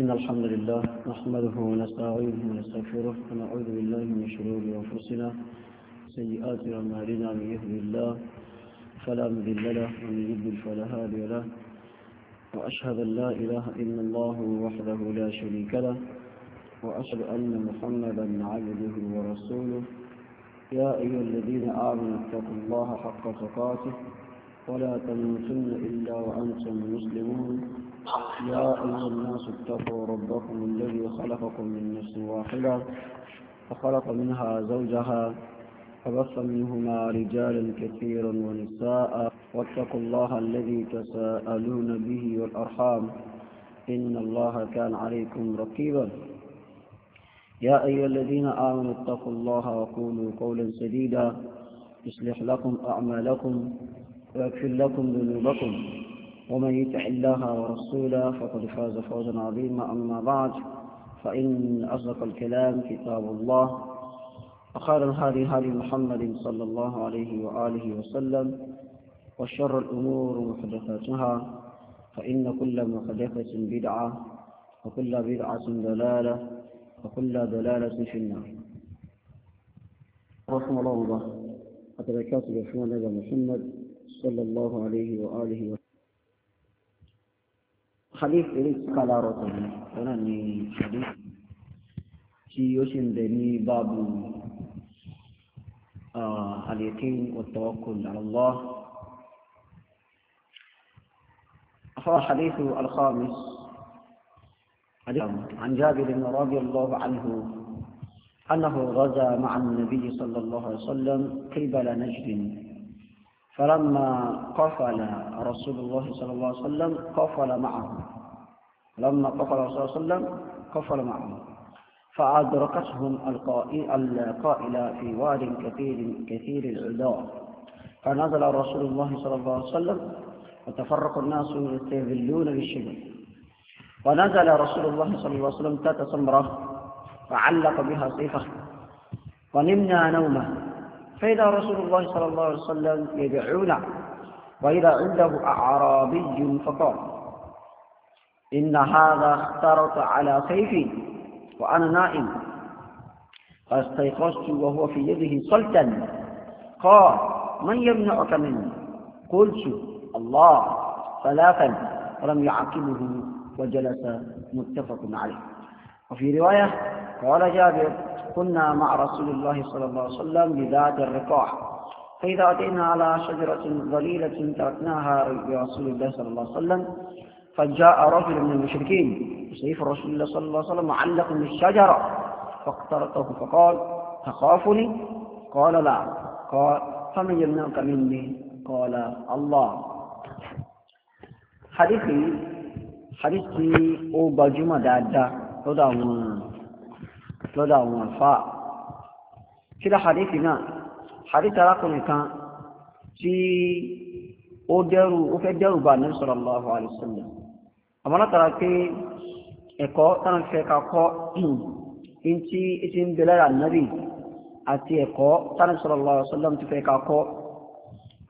إن الحمد لله نحمده ونستعينه ونستغفره ونعوذ بالله من شرور أنفسنا سيئات أعمالنا من يهد الله فلا مضل له ومن يضلل فلا هادي له وأشهد أن لا إله إلا الله وحده لا شريك له وأشهد أن محمدا عبده ورسوله يا أيها الذين آمنوا اتقوا الله حق تقاته ولا تموتن إلا وأنتم مسلمون يا أيها الناس اتقوا ربكم الذي خلقكم من نفس واحدة فخلق منها زوجها فبث منهما رجالا كثيرا ونساء واتقوا الله الذي تساءلون به والأرحام إن الله كان عليكم رقيبا يا أيها الذين آمنوا اتقوا الله وقولوا قولا سديدا يصلح لكم أعمالكم ويغفر لكم ذنوبكم ومن يطع الله ورسوله فقد فاز فوزا عظيما أما بعد فإن أصدق الكلام كتاب الله وخير الهادي هادي محمد صلى الله عليه وآله وسلم وشر الأمور محدثاتها فإن كل محدثة بدعة وكل بدعة ضلالة وكل ضلالة في النار رحمه الله وبركاته أتبكاته بشمال محمد صلى الله عليه وآله وسلم خليف إليس قال رسول الله أنا خليف في يوشن دني باب آه اليقين والتوكل على الله هو حديث الخامس عن جابر رضي الله عنه أنه غزا مع النبي صلى الله عليه وسلم قبل نجد فلما قفل رسول الله صلى الله عليه وسلم قفل معه لما قفل رسول الله صلى الله عليه وسلم قفل معه فأدركتهم القائلة في واد كثير كثير العداء فنزل رسول الله صلى الله عليه وسلم وتفرق الناس يستذلون للشجر ونزل رسول الله صلى الله عليه وسلم تات سمرة فعلق بها سيفه ونمنا نومه فإذا رسول الله صلى الله عليه وسلم يدعونا وإذا عنده أعرابي فقال إن هذا اخترط على سيفي وأنا نائم فاستيقظت وهو في يده صلتا قال من يمنعك مني قلت الله ثلاثا ولم يعقبه وجلس متفق عليه وفي رواية قال جابر كنا مع رسول الله صلى الله عليه وسلم بذات الرقاع فإذا أتينا على شجرة ظليلة تركناها لرسول الله صلى الله عليه وسلم فجاء رجل من المشركين سيف رسول الله صلى الله عليه وسلم معلق بالشجرة فاقترته فقال تخافني قال لا قال فمن يمنعك مني قال الله حديثي حديثي أو بجمع دادا هذا lọ́dọ̀ àwọn àfá kí lá hadithi náà hadithi arákùnrin kan tí ó dẹ́rù ó fẹ́ dẹ́rù bá ní sallallahu alaihi wasallam àmọ́ látara pé ẹ̀kọ́ tán fẹ́ ká kọ́ in tí ti ń bẹ̀rẹ̀ ànábì àti ẹ̀kọ́ tán sallallahu alaihi wasallam ti fẹ́ ká kọ́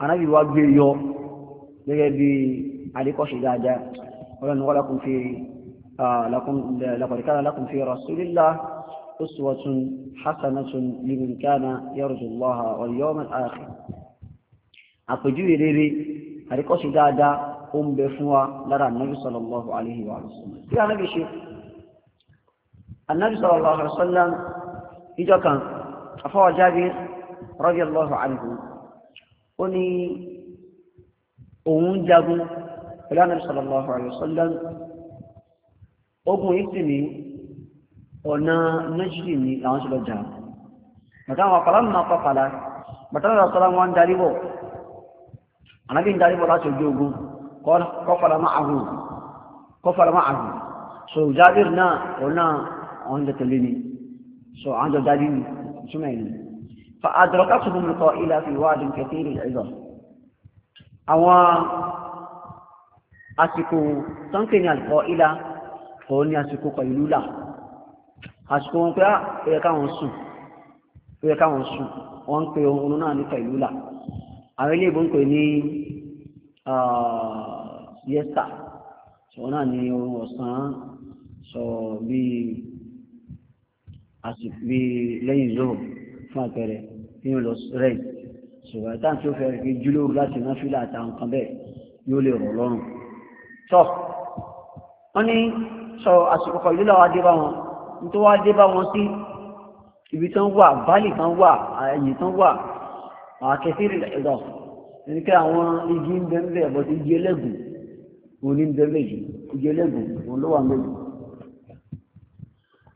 ànábì wá gbé yọ gẹ́gẹ́ bí àdékọ́ṣe dáadáa wọ́n lákùn fi لقد كان لكم في رسول الله أسوة حسنة لمن كان يرجو الله واليوم الآخر أقجوا ريري أريكوش دادا أم بفوا لرى النبي صلى الله عليه وسلم يا نبي شيخ النبي صلى الله عليه وسلم إجا كان أفوى جابر رضي الله عنه أني أمون جابر إلى النبي صلى الله عليه وسلم أبو يسمي ọ̀nà méjì ni àwọn ṣe lọ jà bàtà àwọn àpàlà ń máa pàpàlà bàtà àwọn àpàlà wọn ń darí bọ̀ ànábì ń darí bọ̀ láti ojú ogun kọfàlà máa àhùn so jábìr náà òun náà àwọn ni so àwọn jọ darí ni ìtumọ̀ ẹ̀yìn fa àdọ̀rọ̀ká tó fún kọ ilẹ̀ fi wáàdùn kẹfẹ́ ìrìn ẹ̀zọ̀ àwọn àsìkò tọ́ńkẹ́ ni àlùkọ ilá òun ni àsìkò kọ ìlú là àsìkò wọn pé á ah, ó yẹ káwọn sùn ó yẹ káwọn sùn wọn ń pe oorun náà ní pẹ̀lúlà àwọn ilé ìbò ń pè ní ah, yẹ́sà ṣọ̀wọ́n náà ní oorun ọ̀sán sọ bíi àsìkò bíi lẹ́yìn zoro fún àpẹẹrẹ kí lọ rẹ̀ ṣùgbọ́n ìtàn tí ó fẹ́ rí júlóòrù láti ná fílà àtàwọn kan bẹ́ẹ̀ yóò lè rọ̀ lọ́rùn tọ́ wọ́n ní sọ àsìkò kọ̀ ìlú làwọn bá wọn tó wá dé bá wọn sí ibi tán wà báàlì kan wà ààyè tán wà àkẹsírì ẹ̀dọ̀ ẹni pé àwọn igi ń bẹ ń bẹ bọ́tí igi ẹlẹ́gùn òun ní ń bẹ méjì igi ẹlẹ́gùn òun ló wà méjì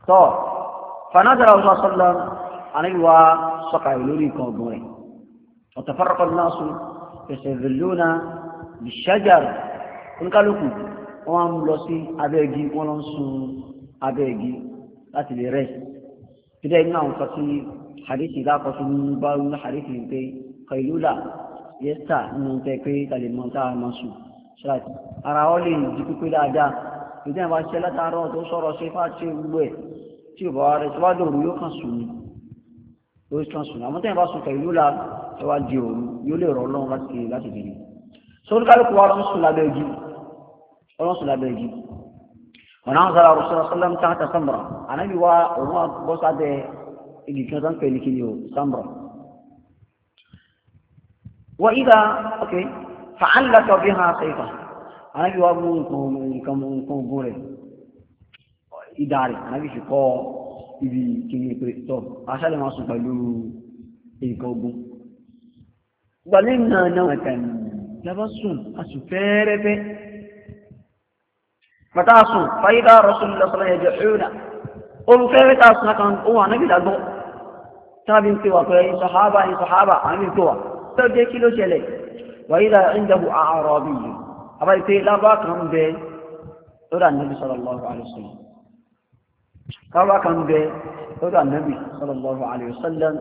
tọ́ fanátàrà ọ̀sán sọ́lá àríwá sọ́kà lórí nǹkan ọ̀gbọ̀n rẹ̀ ọ̀tọ̀fárọ́kọ̀ náà sùn fẹsẹ̀ vẹ̀lónà oníkálukú wọ́n lọ sí abẹ́ẹ̀gí wọ́n lọ ń abẹ́ẹ̀gí láti lè rẹ̀ fídẹ́ inú àwọn kan tí hadithi dákọ̀ sí ní bá ní hadithi pé kailula yẹ́sà nínú tẹ́ pé tàlẹ̀ mọ́ tá máa sùn ṣáàtì ara ọ lè di pípé dáadáa ìdí àwọn aṣẹ́ látàárọ̀ tó sọ̀rọ̀ sí fáà tí gbogbo ẹ̀ tí ò bá wá rẹ̀ tí wá dòru yóò kàn sùn ni yóò kàn sùn àmọ́ tẹ́yìn bá sùn kailula ẹ wá di ọlọ́run sùn lábẹ́ igi ونظر رسول الله صلى الله عليه وسلم تحت سمرة أنا بوا وما بوس عده اللي كنا تنقل اللي كنيو سمرة وإذا أوكي فعلق بها سيفه أنا بوا مونكم كم كم كم غوري إداري أنا بيش كو ibi kìíní pé tọ́ aṣálẹ̀ máa sùn pẹ̀lú nǹkan ogun gbàlẹ́ náà mọ̀tàásùn fàyídà rọ́sùn lọ́sọ̀rọ̀ ẹ̀jẹ̀ ṣúnà olùfẹ́rẹ́ tàásùn kan ó wà níbi ìdàgbọ́ tábí ń pè wà pé ìṣọ̀hábà ìṣọ̀hábà àmì tó wà tó jẹ́ kí ló ṣẹlẹ̀ wàyídà ìjẹ̀bù àárọ̀ bí yìí àbáyé pé kan ń bẹ lórí ànábì sallallahu alaihi wasallam lábá kan ń bẹ lórí ànábì sallallahu alaihi wasallam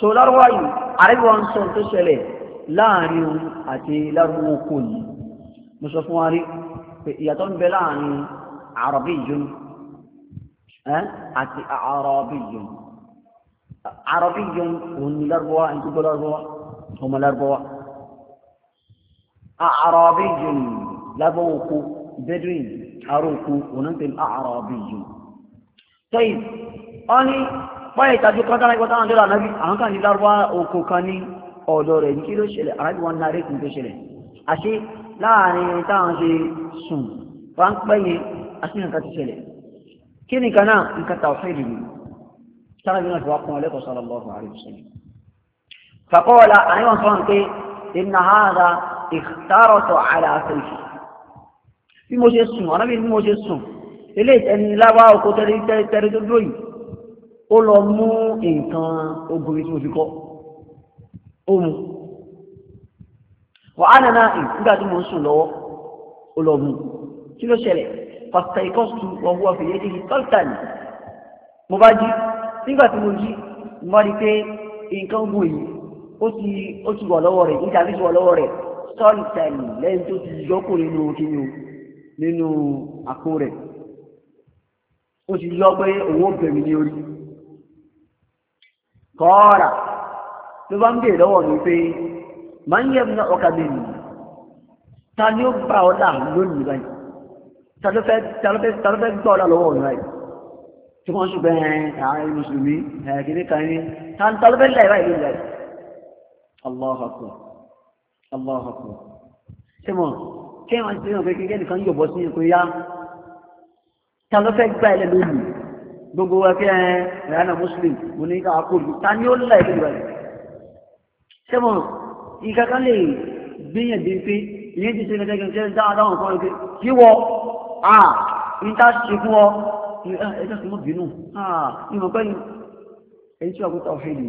سولار واي اري وان سون تو سيلي لا ريو اتي لا مو كون مشوف يا تون بلان عربي ها اتي عربي عربي جن ون انت بولار بوا هما عربي لا بوكو بدوين اروكو ونن تن طيب اني wọ́n ìtàjú kan tára ìgbọ́ta àndọ́rà náà àwọn kan ní lárúbá oko kan ní ọ̀dọ̀ rẹ̀ ní kí ló ṣẹlẹ̀ arábí wọn náà rékùn tó ṣẹlẹ̀ àṣé láàrin táwọn ṣe sùn wá ń pẹ́ yẹn àti nǹkan ti ṣẹlẹ̀ kí ni kan nǹkan tà fẹ́ ìdìbò tára ìgbọ́n fi wá kún ọlẹ́kọ̀ọ́ sọ́lọ́ lọ́wọ́ àríwá ó lọ mú nǹkan obìnrin tí mo fi kọ́ ó mu wà á nana nígbà tí mo ń sùn lọ́wọ́ ó lọ mu kí ló ṣẹlẹ̀ pásítà ìkọ́sùtù wọn wú ọ̀fẹ́ yéé yìí tọ́lítàn mo bá jí nígbà tí mo jí mo bá rí pé nǹkan ogun yìí ó ti wà lọ́wọ́ rẹ̀ níta fi ti wà lọ́wọ́ rẹ̀ tọ́lítàn lẹ́yìn tó ti yọkù nínú kíni nínú àpò rẹ̀ ó ti yọ pé òun ó ní orí kọ́ọ̀rà ló bá ń bèèrè lọ́wọ́ mi pé máa ń yẹ mi náà ọkà mi nì ta ni ó bá ọ dà lónìí báyìí ta ló fẹ́ gbọ́ ọ dà lọ́wọ́ ọ̀nà báyìí tí wọ́n ṣùgbọ́n ààrẹ mùsùlùmí ẹ̀ẹ́dẹ́gbẹ́ kan ní ta ló fẹ́ láì báyìí lónìí báyìí Allahu akbar ṣé mo kí wọ́n ti rí ọ̀fẹ́ kékeré nìkan yọ̀bọ̀ sí ìkóyá ta ló fẹ́ gbá ẹ lónìí gbogbo ẹgbẹ́ ẹ muslim mo ní ká àkóòlù ta ni ó lọ ẹ̀kọ́ ìgbà yìí sẹ́wọ̀n ìkàkà lè gbìyàn dé pé ìyẹn ti ṣe ní kẹ́kẹ́ kẹ́kẹ́ dáadáa wọn fún ẹ pé kí wọ à ń tá ṣe fún ọ ẹjọ́ tó mọ̀ bínú ìmọ̀ pẹ́lú èyí tí ọkùnrin tàwọn fèlè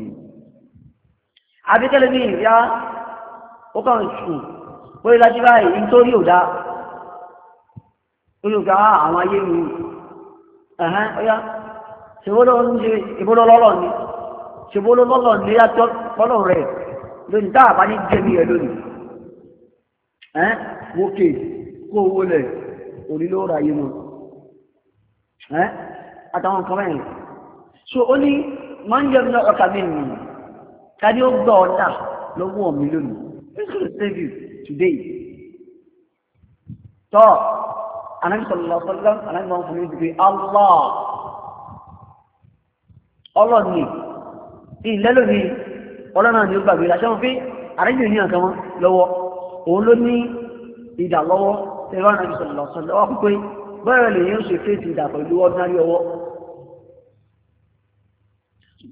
abíkẹ́lẹ́ ní ìyá ó kàn sùn ṣèbólólọ́lọ́ ni ṣèbólólọ́lọ́ ni yàtọ̀ pọ́lọ̀ rẹ̀ lónìí tá a bá ní jẹ́mi ẹ̀ lónìí ẹ́ wókè kó owó lẹ̀ òní ló ra yé mu ẹ́ àtàwọn nǹkan mẹ́rin so ó ní máa ń jẹ́ mi náà ọkà mi nìyí ká ní ó gbọ́ ọ̀tà lọ́wọ́ mi lónìí this will save you today tọ́ anábìsọ̀lọ́sọ́lọ́ anábìsọ̀lọ́ fún mi ti pé Allah ọlọ́ni ìlẹ́lòmí ọlọ́nà ni ó gbàgbé ìlàṣẹ́ wọn fi àrẹ́jù ní àkàmọ́ lọ́wọ́ òun ló ní ìdà lọ́wọ́ tẹ́wọ́n náà sọ̀rọ̀ lọ́sọ̀ lọ́wọ́ pípé bẹ́ẹ̀ lè yẹn ṣe fèsì ìdà pẹ̀lú ordinary ọwọ́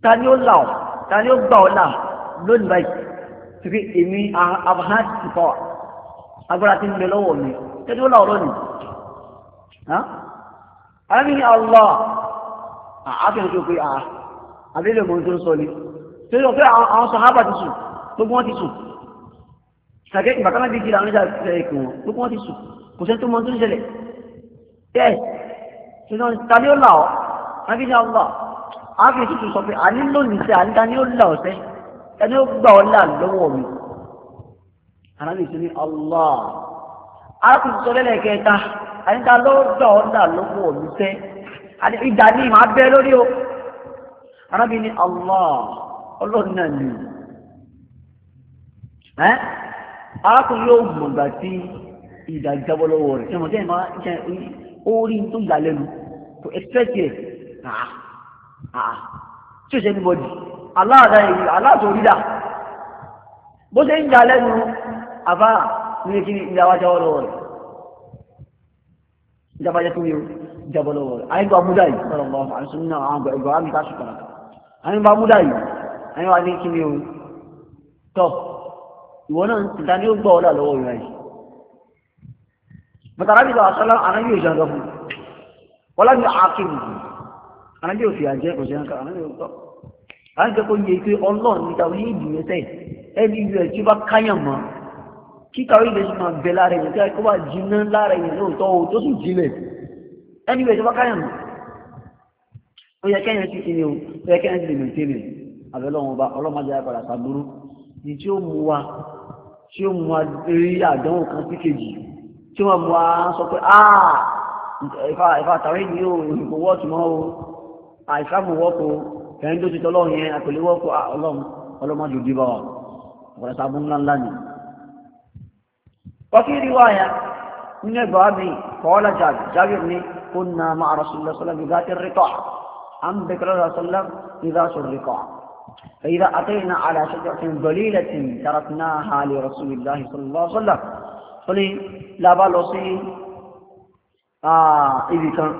ta ni ó là ọ́ ta ni ó gbà ọ́ là lónìí báyìí ti fi èmi abahad ti power agbára ti ń bẹ Allah àáfíà ń sọ pé àá ah, àbílẹ̀ mọ́ tó ń sọ ni tó yọ pé àwọn sàhábà ti sùn gbogbo wọn ti sùn ṣàgé ìbàkánná ti jìrà àwọn ìjà ìkù wọn gbogbo wọn ti sùn kò sẹ́ni tó mọ tó ń ṣẹlẹ̀ bẹ́ẹ̀ ṣùgbọ́n tani ó là ọ́ nàbí ní ọlọ́ àáfíì sì tún sọ pé àní lónìí sẹ́ àní tani ó là ọ́ sẹ́ ẹni ó gbà ọ́ là lọ́wọ́ mi àràbì sí ní ọlọ́ arákùnrin sọ lẹ́lẹ̀ kẹta àní ta ló gbà ọ́ là lọ́wọ́ mi sẹ́ àní ìdá ni màá bẹ́ lórí o arábí ní allah ọlọ́run náà ni ẹ́ arákùnrin yóò mọ̀ gbà tí ìdá jábọ́ lọ́wọ́ rẹ̀ ṣẹ́wọ̀n tẹ́yìn máa ṣe orí tó yà lẹ́nu to expect it àà àà tí ó ṣe ní bọ́dì aláàdá èyí aláàtòrídà bó ṣe ń yà lẹ́nu àbá ní kí ni ìjàmbá jábọ́ lọ́wọ́ rẹ̀ ìjàmbá jẹ́ kí ni ìjàmbá lọ́wọ́ rẹ̀ àyíkọ́ amúdá yìí ọ̀rọ̀ ọ̀gbọ̀n àmì ká ṣùgbọ́n àyìn bá múdà yìí àyìn wà ní kí ni o tọ ìwọ náà ti ta ní ó gbọ́ ọ̀dà lọ́wọ́ ìrìn àyè mọ̀tàrà bí lọ́wọ́ sọ́lá àná yóò ṣàǹdọ̀ fún wọn láti àkíyèsí àná yóò fi àjẹ́ kò ṣe ń ká àná yóò tọ́ à ń jẹ́ kó yẹ pé ọlọ́run níta ní ìdìyẹ tẹ̀ ẹni ìlú ẹ̀ tí ó bá káyàn mọ́ kíkà orí ilẹ̀ máa bẹ lára ẹ̀yìn tí ó bá jiná lára ẹ̀yìn lóòótọ́ o tó sì jinlẹ̀ ẹni ìlú ẹ̀ tí ó bá káyàn mọ́ ó yẹ kẹ́yìn sí kí ni o ó yẹ kẹ́yìn sí lè mèntèrè àbẹ̀lọ́wọ̀n ọba ọlọ́mọdé apàdà sàgbóró ní tí ó mú wa tí ó mú wa rí àdánwò kan sí kejì tí wọ́n mú wa sọ pé áà ah, ìfà tàwé ni òyìnbó wọ́ọ̀tù mọ́ o àìsàmù wọ́ọ̀kù kẹ́yìn tó ti tọ́lọ́ yẹn àpèlé wọ́ọ̀kù ọlọ́mọdé òdì bá wa ni. wọ́n kí rí nínú ẹgbàá mi kọ́ na máa rọ̀ عن بكر الله صلى الله عليه وسلم إذا شرقا فإذا أتينا على شجرة ضليلة تركناها لرسول الله صلى الله عليه وسلم قل لا بالو سي آه إذي كان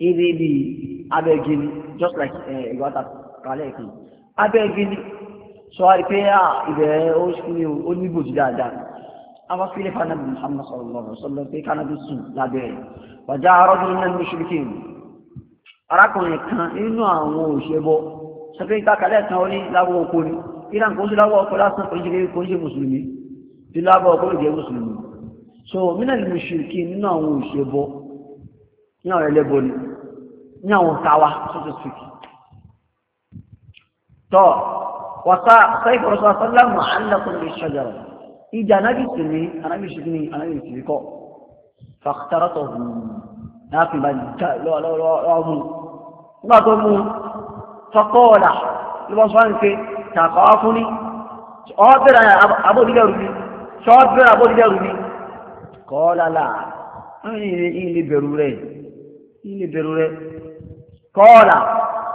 إذي بي أبيجيني just like ìgbà ta kálẹ̀ ìkan abẹ́gíní sọ àìpé à ibẹ̀ ó ní oníbòjì dáadáa awa fílẹ̀ fanabi muhammad sallallahu alaihi wasallam pé kanabi sùn lábẹ́ rẹ̀ wàjá arọ́dún náà ní ṣùgbọ́n arákùnrin kan nínú àwọn òṣèbọ sọpé ìtàkàlẹ̀ kan ó ní láwọ́ oko ni iran kò sí láwọ́ ọkọ̀ lásán kò ṣe kò ṣe mùsùlùmí tí láwọ́ ọkọ̀ ìjẹ́ mùsùlùmí so mínà ni mùsùlùmí nínú àwọn òṣèbọ ní àwọn ẹlẹ́bọ ni ní àwọn tàwa sọ́tọ̀ sùkì tọ́ wàtá sáìkọ̀ rọ̀sọ̀ sọ́lámù alákùn lè ṣàjàrà ìjà anábì sì ni anábì sì nígbà tó mú tọkọ́ọ̀là lọ́wọ́ sọ ń pe tàkọ́ fún ní ọ̀ọ́bẹ̀rẹ̀ abódílẹ̀ rú mi ṣọ́ọ́bẹ̀rẹ̀ abódílẹ̀ rú mi kọ́ọ́lá là ilé bẹ̀rù rẹ̀ ilé bẹ̀rù rẹ̀ kọ́ọ̀là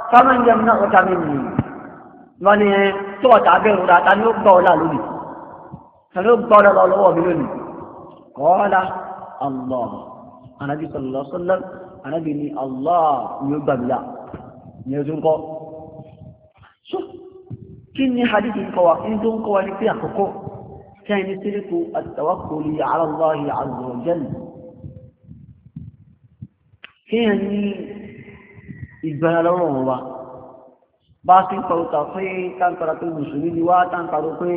fáwọn ẹ̀yẹ náà ọ̀tá mi nìyí wọ́n ní tó ọ̀tá bẹ̀rù rà ta ni ó gbọ́ ọ̀la lónìí ta ni ó gbọ́ ọ̀la mi lónìí kọ́ọ̀lá Allah anabi sallallahu alaihi wasallam anabi ni Allah ni ó gbàgbé ní ojú ń kọ́ so kí ni hadith ń kọ́ wa ní tó ń kọ́ wa ní pé àkọ́kọ́ kí a ní síríkù àtàwákòlì aláàláhì àlùjẹ́nì kí a ní ìgbàlá lọ́rọ̀ wa bá ti ń parọ́ ta pé táǹkàrà pé mùsùlùmí ni wá táǹkàrà pé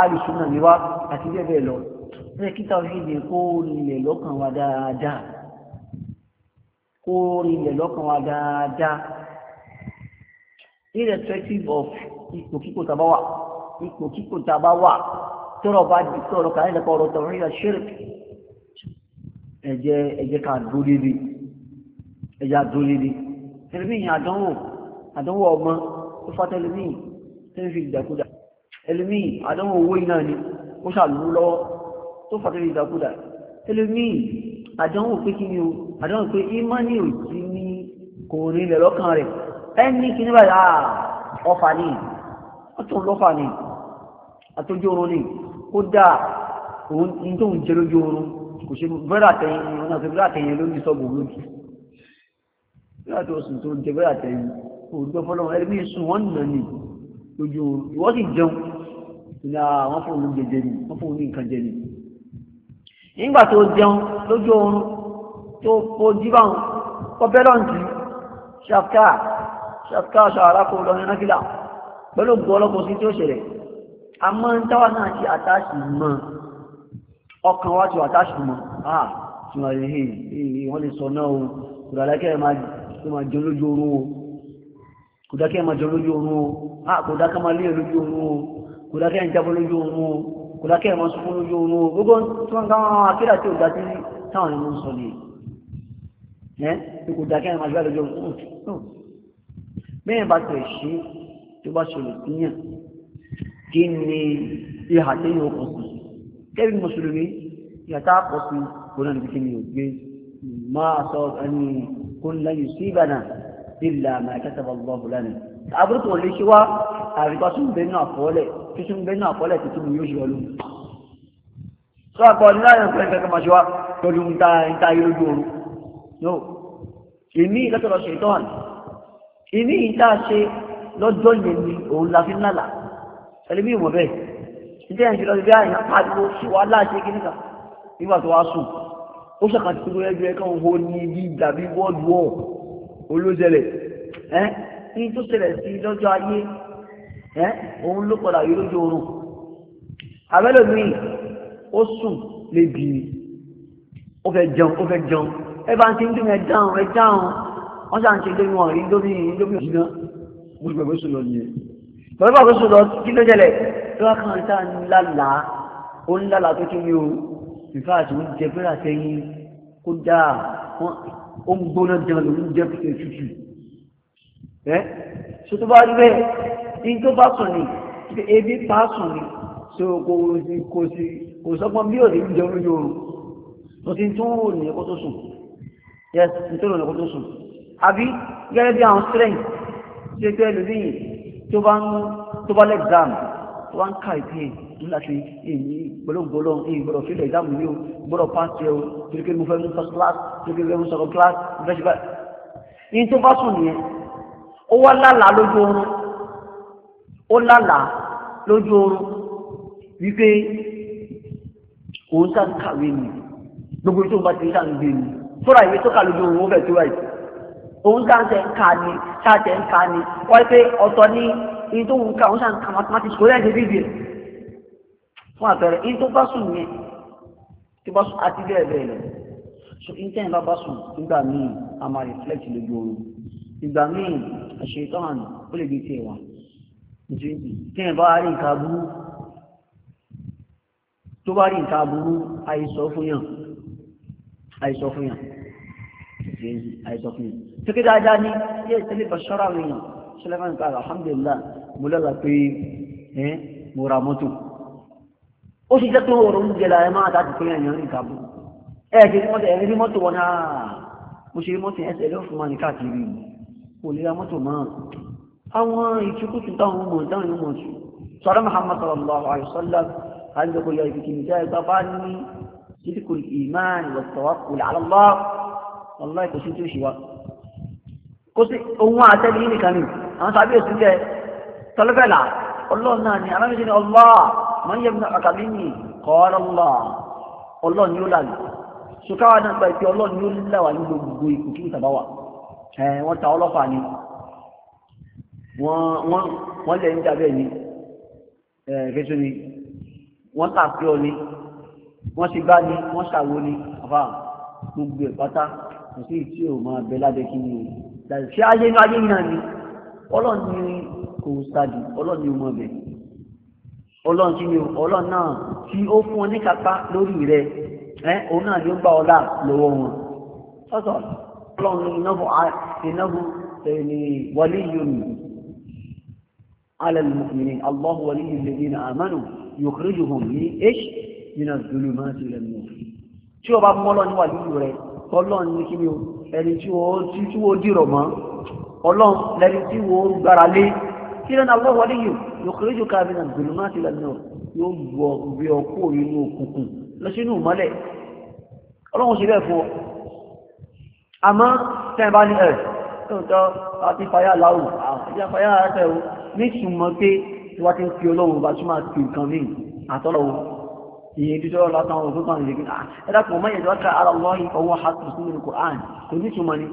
àìsùnà ni wá àti bẹ́ẹ̀ lọ ẹ kíta òṣèlè kó rinlẹ̀ lọ́kàn wa dáadáa kó rinlẹ̀ lọ́kàn wa dáadáa irrespective of ipòkípò tàbá wà ipòkípò tàbá wà tọ́rọ̀ bá di tọ́rọ̀ kàá nílẹ̀ kọ́rọ̀ tọ̀rọ̀ nílẹ̀ ṣírk ẹ̀jẹ̀ ẹ̀jẹ̀ kan dúlédè ẹ̀jẹ̀ àdúlédè tẹlifíyìn àdánwò àdánwò ọmọ tó fá tẹlifíyìn tẹlifíyìn ìdàkúdà ẹlòmíì àdánwò owó iná ni ó ṣàlùú lọ́wọ́ tó fà tẹlifíyìn ìdàkúdà ẹlòmíì àdánwò pé kí ni o àdánwò pé ìmánì ò sí ní kò rí ilẹ̀ lọ́kàn rẹ̀ ẹni kìíní báyìí àà ah, ọfà ní ọtún lọ́fà ní àtọ́jú oorun ní ó dá òun ní tó ń jẹ lójú oorun kò ṣe bẹ́rẹ̀ àtẹ̀yìn ọ̀nà àti bẹ́rẹ̀ àtẹ̀yìn lórí sọ́ọ̀bù lójú bẹ́rẹ̀ àti oṣù tó jẹ bẹ́rẹ̀ àtẹ̀yìn òògbẹ́ fọlọ́run ẹni bí sùn wọ́n nà ní nígbà tó jẹun lójú oorun tó kó jíbáhùn kọ ṣàfíà ṣàkáṣà arákò lọ́rin nákìlá pẹ̀lú gbọ́lọ́pọ̀ sí tí ó ṣẹlẹ̀ a mọ́ ń táwà náà ti àtàṣì mọ́ ọkàn wá ti àtàṣì mọ́ àà tí wọ́n lè hìí wọ́n lè sọ náà o kùdàkẹ́ ma jẹ lójú orun o kùdàkẹ́ ma jẹ lójú orun o àà kùdàkẹ́ ma lé lójú orun o kùdàkẹ́ ń jábọ́ lójú orun o kùdàkẹ́ ma sún lójú orun o gbogbo tí wọ́n ká wọn akéèdà tí ò dá sí táwọn ẹni ń sọ bẹ́ẹ̀ bá tẹ̀ ṣe tó bá ṣẹlẹ̀ síyàn kí ni ìhà tẹ́yìn ọkọ̀ sí kẹ́bí mùsùlùmí ìyàtá àpọ̀ sí kóná níbi kí ni ò gbé máa sọ ẹni kó ń lẹ́yìn sí ìbànà ìlà máa kẹ́sàbà lọ́wọ́ lẹ́nu àbúrò tó lè ṣe wá àríkọ́ tún bẹ́ẹ̀ náà fọ́ọ́lẹ̀ tuntun bẹ́ẹ̀ náà sọ àpọ̀ ní láyé nǹkan kankan máa ṣe wá lọ́dún ń ta ayé lójú oorun no èmi ìkẹ́tọ̀ lọ ìní ìta ṣe lọ́jọ́ yẹn ni òun la fi lálà ẹlẹ́bí ìmọ̀ bẹ́ẹ̀ ìjẹ́ ìṣẹ́ lọ́jọ́ bí àyàn pàdúró sí wa láti kí níkà nígbà tó wá sùn ó ṣàkà tí ó ẹgbẹ́ kan wo ní ibi dàbí world war olóṣẹlẹ̀ ẹ́ ní tó ṣẹlẹ̀ sí lọ́jọ́ ayé ẹ́ òun ló padà yóò wọ́n ṣe ń ṣe lé wọn rí lórí lórí ìjìnà mo ti gbàgbé sọ̀rọ̀ nìyẹn pẹ̀lú kí ló jẹlẹ̀ tó wá kàn tá ń lálà ó ń lálà tó kí ni o ìfà àti oúnjẹ pẹ́lú àtẹ̀yìn kó dáa ó ń gbóná jẹun lòún jẹ́ pípẹ́ tútù ẹ́ so tó bá rí bẹ́ẹ̀ ní tó bá sùn ní ebi pa sùn ní so kò sí kò sí kò sọ́gbọ́n bí òde ń jẹun lójú oorun tó ti tún rò ní ẹ̀kọ́ tó sùn yes nítorí ọ̀nà ẹ̀kọ́ tó sùn àbí gẹ́gẹ́ bí àwọn strength ṣe pé ẹlòmíì tó bá ń tó bá lẹ́gbàám tó bá ń ka ìpè nígbà tí èyí gbọ́lọ́gbọ́lọ́ èyí gbọ́dọ̀ fílẹ̀ ìdáàmú yìí o gbọ́dọ̀ pàṣẹ o torí pé mo fẹ́ mú first class torí pé mo fẹ́ mú second class mo fẹ́ ṣe báyìí. ní tó bá sùn nìyẹn ó wá lálàá lójú oorun ó lálàá lójú oorun wípé òun sá ń kàwé ni gbogbo tó ń bá ti sá ń gbé ni fúnra ìwé tó kà lójú oorun ó fẹ́ tó wáyé òun sáǹtẹ̀ ń kà ní sáǹtẹ̀ ń kà ní wọ́n pé ọ̀tọ̀ ní in tó ń kà òun sáǹtẹ̀ mathematics kò lẹ́yìn bíbí rẹ̀ fún àpẹẹrẹ in tó bá sùn yẹn tí bá sùn àti bẹ́ẹ̀ bẹ́ẹ̀ lọ so in tẹ́yìn bá bá sùn nígbà míì a máa reflect lójú oorun ìgbà míì àṣetán ó lè gbé tiẹ̀ wá tẹ́yìn bá rí nǹkan burú tó bá rí nǹkan burú àìsọ fún yàn àìsọ fún yàn ṣe àìsàn fún mi. tókè dáadáa ní yé ìtẹ́lẹ̀ bá ṣọ́ra àwọn èèyàn ṣẹlẹ̀ máa ń pa alhamdulillah mo lọ́la pé ẹ́ mo ra mọ́tò. ó sì jẹ́ pé ọ̀rọ̀ oúnjẹ la ẹ máa dá ti pé èèyàn ní ìkàbọ̀. ẹ ẹ ṣe mọ́tò ẹ rí mọ́tò wọn náà mo ṣe mọ́tò ẹsẹ̀ ló fún wa ní káàkiri kò lè ra mọ́tò mọ́ àwọn ìtukùtù táwọn ọmọ táwọn ọmọ wàláì kò sí tí ó ṣe wa kó sí ohun àtẹ́lẹ̀ yìí nìkan ni àwọn sábẹ́ òsì bẹ́ẹ̀ tọ́lọ́fẹ́là ọlọ́run náà ni alámẹ́sẹ̀ ni ọlọ́ máa ń yẹ fún àkàbí mi kọ́ọ́rọ́ lọ ọlọ́run ni ó là lù ṣùkáwá náà gba ìpè ọlọ́run ni ó là ní gbogbo ni wọ́n lẹ̀ ń dàbẹ̀ ni ni wọ́n tàbí ọ ni wọ́n ti bá ni wọ́n ṣàwo ni àbá gbogbo ẹ̀ kò sí tí ò máa bẹ lábẹ́ kí ni ṣé ayé inú ayé náà ni ọlọ́run ni kò sádì ọlọ́run ni ọmọ bẹ̀ ọlọ́run tí ni ọlọ́run náà tí ó fún ọ ní kápá lórí rẹ ẹ òun náà ni ó gbà ọlá lọ́wọ́ wọn sọ́sọ́ ọlọ́run ni ìnáwó ìnáwó ni wọlé yòóni alẹ́ lùmìnì allah wọlé yìí lè amanu yòókùrẹ́jù hàn ní h nínú zulumati lẹ́nu tí ọba mọ́lọ́ níwájú rẹ̀ ọlọ́run ní kí ni o ẹni tí wọ́n tí tí wọ́n dìrọ̀ mọ́ ọlọ́run lẹ́ni tí wọ́n gbára lé kí lẹ́nu àwọn wọlé yìí yóò kéré jù káàbí náà gbèrú máa ti lẹ́nu náà yóò gbọ́ bí ọkú inú òkùnkùn lọ sínú ìmọ́lẹ̀ ọlọ́run ṣe bẹ́ẹ̀ fún ọ àmọ́ tẹ́ bá ní ẹ̀ tóòtọ́ àti fàyà láwù àti fàyà ẹ̀fẹ̀ o ní ìtumọ̀ pé tí wọ́n ti ń fi ọlọ́run bá túmọ̀ àti nǹkan míì àtọ́lọ́run ìyẹ̀dúdọ́ látàn òfin kan ìrìnkì ah, ẹ̀dàkùn mọ́ ìyẹ̀dọ́ ká ara lọ́yìn ọwọ́ hasbun ní kòrán kò ní túnmọ̀ ní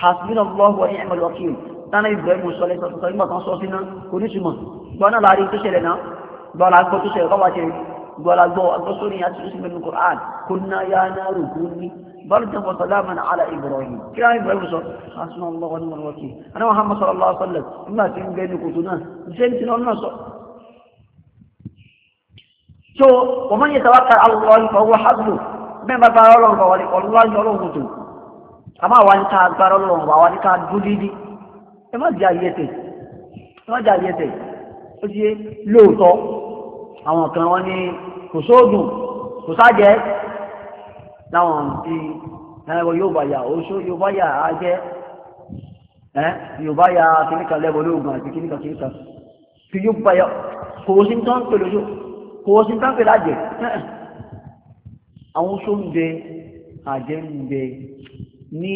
hasbun lọ́wọ́ ní ẹ̀mọ̀ lọ́kìn tánà ìbẹ̀rù sọlẹ̀ sọ ìgbà kan sọ sínú kò ní túnmọ̀ gbọ́nà láàrin tó ṣẹlẹ̀ náà gbọ́nà gbọ́ tó ṣẹlẹ̀ kọ́wà ṣe gbọ́nà gbọ́ agbọ́sórí àti ìsinmi ní kòrán kò ná yá náà rò kú ní بردا وسلاما على إبراهيم كلام إبراهيم صلى حسن الله ونعم الوكيل أنا محمد صلى الله عليه وسلم ما تنقل لكتنا زين تنقل so ومن يتوكل على الله فهو حسبه mẹ́mbà bá ọlọ́run bá wà ní ọlọ́run ọlọ́run tó àmọ́ àwa ní ká agbára ọlọ́run bá wà ní ká dúdídí ẹ má jẹ́ àyẹ̀tẹ̀ ẹ má jẹ́ àyẹ̀tẹ̀ ó ti lóòótọ́ àwọn kan wọn ní kò sóògùn kò sájẹ́ láwọn ti ẹ̀rọ yóò bá yà oṣó yóò bá yà á jẹ́ kò wọ́n sí táǹkì lájẹ̀ àwọn oṣó ń bẹ àjẹ́ ń bẹ ní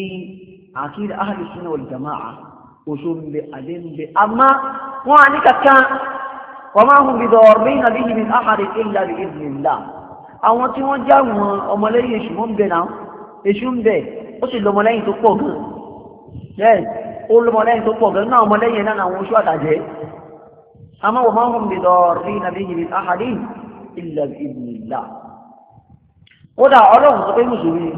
àkíyèsí ahli sunna wal jamaa oṣó ń bẹ àjẹ́ ń bẹ àmọ́ wọ́n á ní kankan wa ma hum bidarrina bihi min ahadin illa bi idhnillah àwọn tí wọ́n já wọn ọmọlẹ́yìn èṣù wọ́n ń bẹ أما وهم بضارين به من أحد إلا بإذن الله ودا علوم سبي مسلمين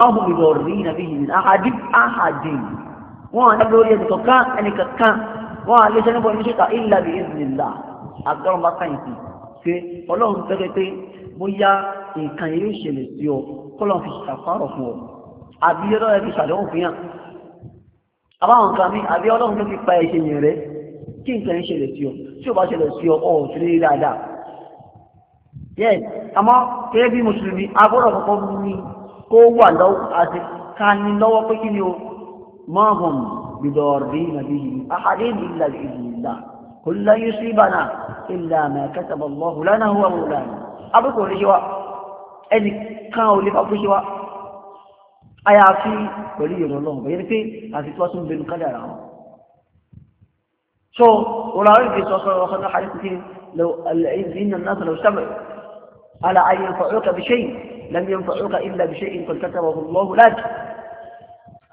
أهم بضارين به من أحد أحد وأنا أقول لك كان أنا كان وأنا لسنا بقول لك إلا بإذن الله أقدر ما كان يصير في علوم سبي bóyá nǹkan eré ìṣẹ̀lẹ̀ sí ọ kọ́lọ̀ fi ṣàfárọ̀ fún ọ àbí ọlọ́run fi ṣàdánwò fi hàn àbáwọn nǹkan mi àbí ọlọ́run tó fi pa ẹ̀ṣẹ̀ yẹn rẹ̀ kí nǹkan ń ṣẹlẹ̀ sí ọ tí ò bá ṣẹlẹ̀ sí ọ ọ̀ sí rí dáadáa yes àmọ́ gẹ́gẹ́ bí mùsùlùmí agbọ́dọ̀ kọ́kọ́ ní kó wà lọ́wọ́ àti ká ní lọ́wọ́ pé kí ni o mọ́hùn bìdọ̀rì nàbí yìí àhàdé ní ìlà ìlà kò láyé sí ìbànà ìlà mẹ́kẹ́tàbọ̀ lọ́hùn lánàá wà wọ́n lánàá abúkò rí ṣe wa ẹnì kan ò lè so ولعل في صلى الله عليه وسلم حديث كثير لو إن الناس لو اجتمعوا على أن ينفعوك بشيء لم ينفعوك إلا بشيء قد كتبه الله لك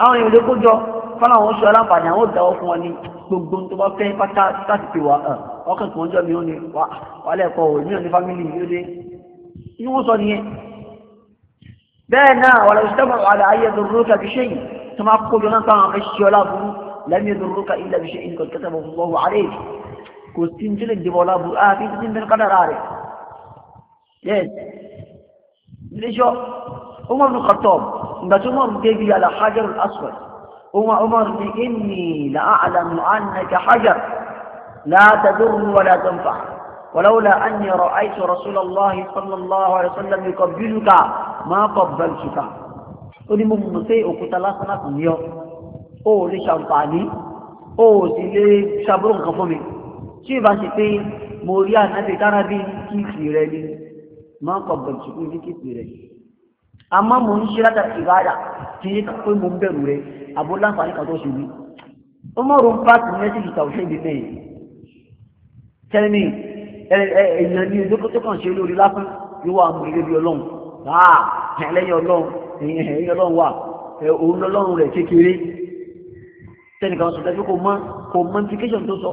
àwọn èèyàn ló kójọ fọláwọn oṣù aláǹfààní àwọn òdàwọ fún wọn ní gbogbo tó bá fẹ́ pátá láti fi wà ẹ ọkàn tó ń jọ mìíràn ní wà lẹkọọ òwe mìíràn ní fámìlì yìí ó dé ní wọn sọ nìyẹn. bẹ́ẹ̀ náà wàlẹ̀ òṣìṣẹ́ bọ̀ wàlẹ̀ ayé ẹ̀dọ̀ rúkà fi ṣe yìí tó máa kójọ náà sáwọn ẹ̀ṣẹ́ ọlá burú لم يضرك إلا بشيء قد كتبه الله عليك كوستين جلد بولا بو آفي آه، تزين بالقدر عليك آه. yes ليش عمر بن الخطاب بس عمر بيجي على حجر الأسود عمر بإني إني لأعلم أنك حجر لا تضر ولا تنفع ولولا أني رأيت رسول الله صلى الله عليه وسلم يقبلك ما قبلتك ó ní mo في اليوم ó lè ṣàǹfààní ó sì lè ṣàbúrò nǹkan fún mi tí ìbá ṣe pé mo rí ànábì dára bí kíkì rẹ ni máa ń kọ bẹ̀rù ní kíkì rẹ àmọ́ mo ń ṣe látà ìbáàdà kí ní pé mo ń bẹ̀rù rẹ àbó láǹfààní kan tó ṣe wí ó mọ̀rún pàtì mẹ́sìlì tàwùṣẹ́ ìbí mẹ́yìn tẹ́lẹ̀mí èèyàn ní ojú tó kàn ṣe lórí lásán yóò wà mú ilé bí ọlọ́run láà ẹlẹ́yìn ọlọ́run ẹ̀yìn ọlọ́run wà òun ọlọ́run rẹ̀ kékeré tẹ́nìkan sọ tẹ́fí kò mọ́ kò mọ́ implication tó sọ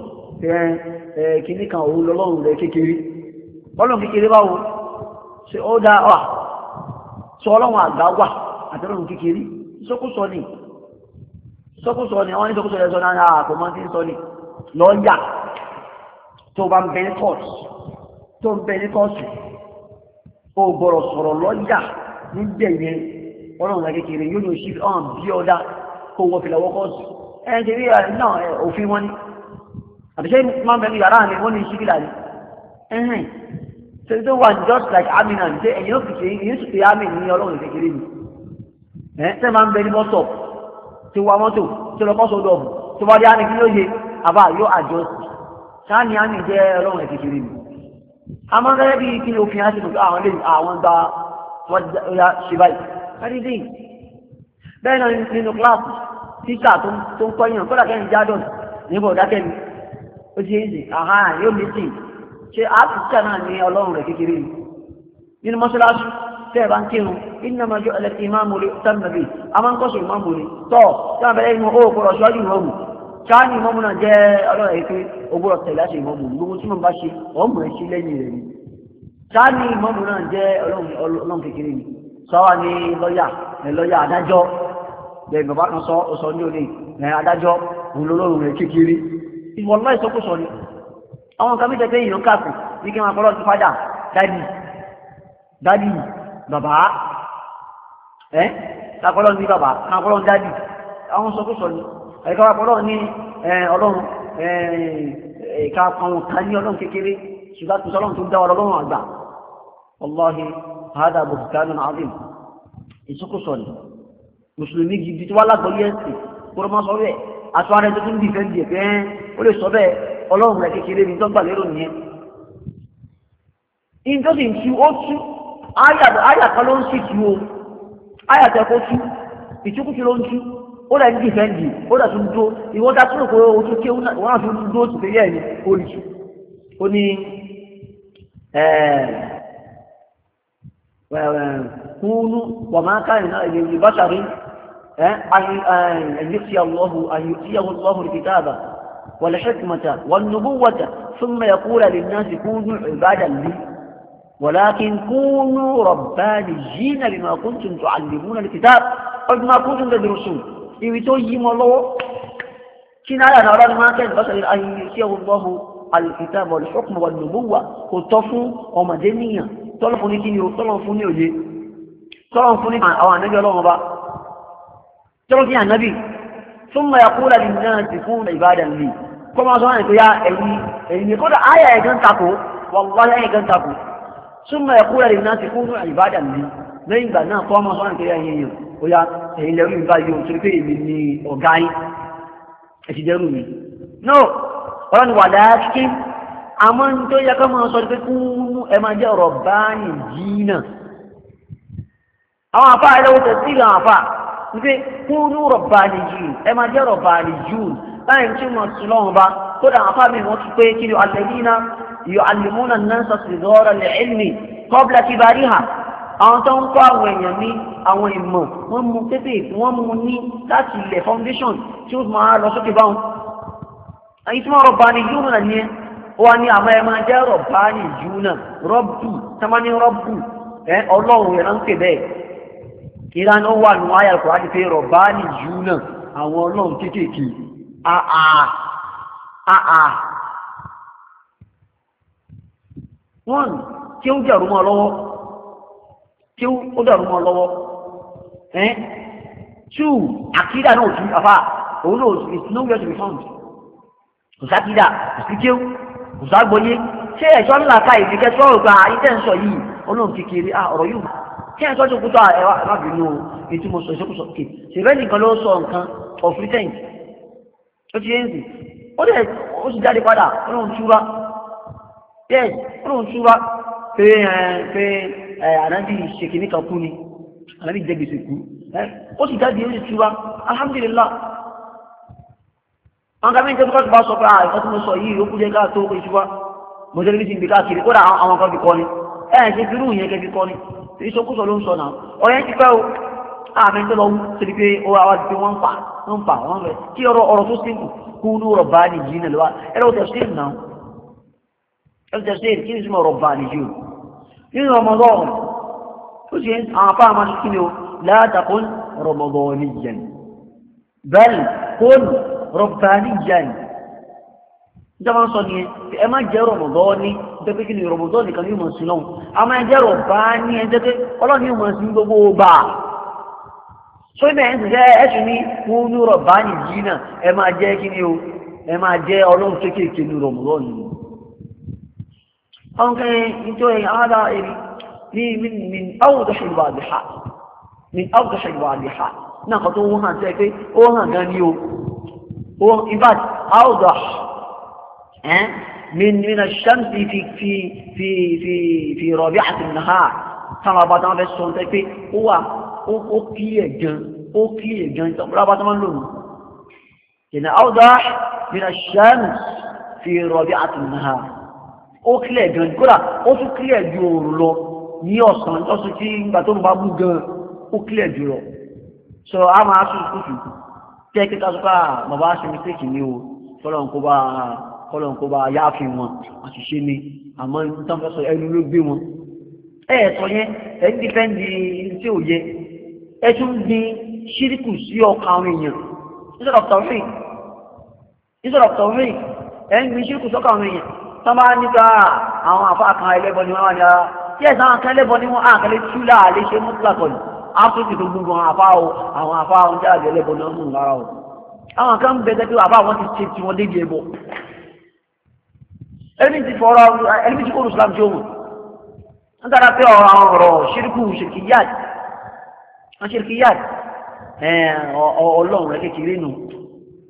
ẹ̀ kìíní kan òun lọ́lọ́run rẹ̀ kékeré ọlọ́run kékeré báwo ṣe ó dá wà sọ ọlọ́run àgbà wà àtọ́lọ́run kékeré sọkúsọ ni sọkúsọ ni àwọn oníṣọkúsọ rẹ̀ sọ náà náà ah, kò mọ́ tí ń sọ ni lọ́ọ̀yà ẹn ṣe rí náà òfin wọn ni àbíṣẹ́ máa ń bẹ̀rù yàrá mi wọ́n ní ṣíkìlà ni ẹ̀hìn ṣe tó wà just like amina ní ṣe ẹ̀yìn òkè ṣe yìí ṣe àmì ní ọlọ́run kékeré ni ẹ̀ ṣe máa ń bẹ ní mọ́tò ti wa mọ́tò tí lọ mọ́tò dọ̀bù tó bá dé àmì kí ló yẹ àbá yóò àjọ sáà ní àmì jẹ́ ọlọ́run kékeré ni àmọ́ gẹ́gẹ́ bí kí ni òfin àti ìtòkè àwọn lè àwọn gba wọ́n ṣe báyìí bẹ́ẹ̀ náà nínú kíláàsì tíṣà tó ń kọ́yàn kọ́dà kẹ́yìn jádùn níbo dákẹ́ni ó ti ń sìn àhá yóò méjì ṣe àtúntà náà ní ọlọ́run rẹ̀ kékeré ni nínú mọ́ṣáláṣí tẹ́ ẹ̀ bá ń kírun iná máa jọ ẹlẹ́tì ìmáàmù rẹ̀ tẹ́lẹ̀bì a máa ń kọ́sùn ìmáàmù rẹ̀ tọ́ tí wọ́n bẹ̀rẹ̀ ìmọ̀ ó gbọ́dọ̀ ṣọ́jú ìmọ̀mù ṣáàní ìmọ̀mù náà jẹ́ ọlọ́run ẹ̀ sí lẹ́yìn rẹ̀ ni ṣáàní ìmọ̀mù náà jẹ́ ọlọ́run kékeré ni sọ́wọ́ ni lọ́yà ẹ̀ lọ́yà bẹ́ẹ̀ bàbá kan sọ ọ̀sọ̀ ní òní ẹ̀ adájọ́ olólórùn rẹ̀ kékeré ìwọ̀nlá ìsọkúsọ ni àwọn nǹkan bí tẹ́tẹ́ ìyókà kù ní kí wọn kọ́ lọ́ọ̀tì fádà dádì dádì bàbá ẹ́ takọ́lọ́ ní bàbá takọ́lọ́ dádì àwọn ìsọkúsọ ni ẹ̀ka ọlọ́run ní ọlọ́run ẹ̀ka àwọn kan ní ọlọ́run kékeré ṣùgbọ́n tó sọlọ́run tó dá mùsùlùmí gidi tí wọ́n lágbọ́yé ẹ̀sìn kúrò máa sọ bẹ́ẹ̀ aṣọ ara ẹni tó ń dìfẹ́ ń dìẹ̀ ó lè sọ bẹ́ẹ̀ ọlọ́run rẹ̀ kékeré ní tó ń gbà lérò nìyẹn. in tó sì ń tu ó tú àyà kan ló ń sì tu o àyà tẹ kó tú ìtúkùtù ló ń tú ó rẹ̀ ń dìfẹ́ dì ó rẹ̀ tún dúró ìwọ́n dá tó kó o tún ké wọ́n á tún dúró sí pé yẹ́n ó ní ó ní kúnú wàmákàrin náà ìbáṣàrin أن يؤتي الله أن يؤتيه الله الكتاب والحكمة والنبوة ثم يقول للناس كونوا عبادا لي ولكن كونوا ربانيين بما كنتم تعلمون الكتاب وبما كنتم تدرسون يتوجم الله كنا لا نرى ما كان بشر أن يؤتيه الله الكتاب والحكم والنبوة وطفوا ومدنية طلبوا نكيني وطلبوا فوني وجي طلبوا فوني أو أنا جلوه بقى jọ́n fi hàn nábì thumma yaqulu lin-nasi kunu ibadan li kó máa sọ wọn pé ya ẹ̀yin ẹ̀yin kódà ayà ẹ̀ gan takò wallahi ayà ẹ̀ gan takò thumma yaqulu lin-nasi kunu ibadan li lẹ́yìn ìgbà náà kó máa sọ wọn pé ya ẹ̀yin ó ya ẹ̀yin lẹ́rú ìgbà yìí òtún pé èmi ni ọ̀gá yín ẹ̀ ti dẹ́rù mi. no ọ̀rọ̀ ni wàdà kí àmọ́ tó yẹ ká máa sọ pé kúnú ẹ máa jẹ́ ọ̀rọ̀ báyìí jìnnà àwọn àfáà ẹlẹ́wọ̀n tẹ̀síìlì àwọn àfáà wípé kúrú rọ̀bàlì jù ẹ máa jẹ́ rọ̀bàlì jù láì tí mo sùn lọ́wọ́ bá kódà àwọn fáàmì wọn ti pé kí ni alẹ́dínà yọ alẹ́múnà náà sọ̀sìdọ́rọ̀ lẹ́ ẹ̀mí kọ́bla ti bá rí hà àwọn tó ń kọ́ àwọn èèyàn ní àwọn ìmọ̀ wọ́n mú pépè wọ́n mú ní láti ilẹ̀ foundation tí ó máa lọ sókè báwọn. àyè tí wọ́n rọ̀bàlì jù náà ni wọ́n ní àmọ́ ẹ máa jẹ́ rọ̀bàlì jù náà rọ́bù tamani rọ́bù ọlọ́run yẹn náà ń pè bẹ́ẹ̀ ìlànà wà ní àyà ìkọ̀rá ti fẹ́ rọ̀ bá ní jù náà àwọn ọlọ́run kéékèèké àà wọ́n kí ó dàrú mọ́ lọ́wọ́ kí ó dàrú mọ́ lọ́wọ́ ẹ́n tú àkídà náà tún àfà òun náà it's no way to be found kò sákídà kò sí kéw kò ságbóyé ṣé ẹ̀ṣọ́ ńlá ká ìfikẹ́ sọ̀rọ̀ ayé tẹ̀ ń sọ yìí ọlọ́run kékeré ọ̀rọ̀ yóò tí ẹ̀ ń a kútọ́ ẹ̀wà àbábìnú ètí mo sọ ló sọ nǹkan ọ̀frítẹ́ǹt ó ti yẹn sì ó dẹ̀ ó sì jáde padà olóhùn túra bẹ́ẹ̀ pé pé ànábì ṣèkìní kan kú ni ànábì jẹ́ gbèsè kú ó sì jáde ó sì túra alhamdulillah àwọn kan mìíràn tó bá sọ pé àwọn ah, ìfọ́sí mo sọ yìí ó kú jẹ́ káà tó mo jẹ́ níbi ń káàkiri kódà àwọn kan kọ́ ni. ẹ̀ ṣe dúró yẹn kẹ́kẹ́ kọ́ ni èyí sọkúsọ ló ń sọ náà ọ̀rẹ́ ti pẹ́ o àmì tó lọ síbi pé ó wá wájú pé wọ́n ń fà ń fà wọ́n rẹ̀ kí ọ̀rọ̀ ọ̀rọ̀ tó sínkù kú ní ọ̀rọ̀ bá ní yìí nílùú wa ẹ lọ́wọ́ tẹ̀síìlì náà ẹ lọ́wọ́ jọba sọ ni ẹ má jẹ́ rọ̀mọ̀dọ́ ní pé kí ni rọ̀mọ̀dọ́ nìkan ní ìmọ̀ sí lọ́hùn a máa jẹ́ rọ̀bá ní ẹjẹ́ pé ọlọ́run ní ìmọ̀ sí gbogbo ọba tó ibẹ̀ ń ṣiṣẹ́ ẹ̀sùn ní wọ́n ní rọ̀bá ní yìí náà ẹ máa jẹ́ kí ni o ẹ máa jẹ́ ọlọ́run kéékèèké ní rọ̀mọ̀dọ́ yìí. ọ̀nkẹ́ ìjọ ẹ̀yìn ara ẹ̀rí ní min min awùdọ̀ من من الشمس في في في في في رابعة النهار تما بعد ما بس صنت في هو هو كي جن هو كي جن تما بعد ما نلوم هنا أوضح من الشمس في رابعة النهار ó kílẹ̀ gan kódà ó tún kílẹ̀ ju òòrùn lọ ní ọ̀sán lọ́sùn tí ìgbà tó ń bá mú gan ó kílẹ̀ jù lọ sọ a máa tún kùtù tẹ́ kíkà sọ́kà bàbá ṣe mistake ni o fọlọ́n kó bá a kọ́lọ̀ kó bá yáàfi wọn àṣìṣe ni a nǹkan fẹ́ sọ ẹnu ló gbé wọn. ẹ ẹ sọ yẹn ẹ ń dìfẹ́ǹdì tí ò yẹ ẹ tún gbin ṣíríkù sí ọkàn àwọn èèyàn instead of tawfiq instead of tawfiq ẹ ń gbin ṣíríkù sọ́kàn àwọn èèyàn tán bá nígbà ah, àwọn àfa kan ẹlẹ́bọ ni wọ́n wà ní ara tí ẹ̀sán àwọn kan ẹlẹ́bọ ni wọ́n àkàlẹ́ tú láàlẹ́ ṣe mú áfíríkì o àwọn àfá oúnjẹ àgbẹ̀ ẹlẹ́bọ náà mú lára o àwọn kan ń bẹ gẹ́gẹ́ àfá wọn ti ṣe tiwọn débi ẹbọ ẹni tí fọ̀rọ̀ ẹni tí kò ní islam tí ó wù ń tara pé ọ̀rọ̀ àwọn ọ̀rọ̀ ṣírkù ṣèkìyàd wọn ṣèkìyàd ọlọ́run rẹ kékeré nù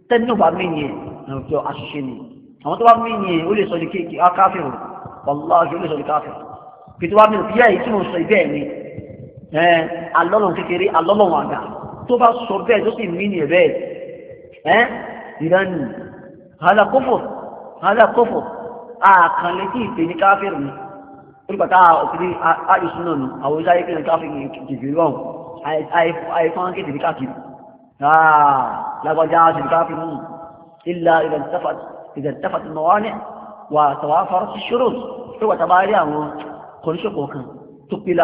tẹ́ni náà bá mìíní ẹ̀ nàìjọ àṣìṣe ni àwọn tó bá mìíní ẹ̀ ó lè sọ di kéèké káfíìn wàláhì ó lè sọ di káfíìn kí tó bá mìíní bíyà yìí tí mo sọ ibẹ̀ ni àkànlé tí ìpè ní káfíìrì ni orípàtà òkìrí àìsùn náà nù àwọn ìṣáyé pé ní káfíìrì kìkìrì rọrùn àìfọ́n kéde ní káfíìrì àà lágbàjá ti ní káfíìrì nù ilà ìdẹ̀tẹ́fà ti mọ̀wá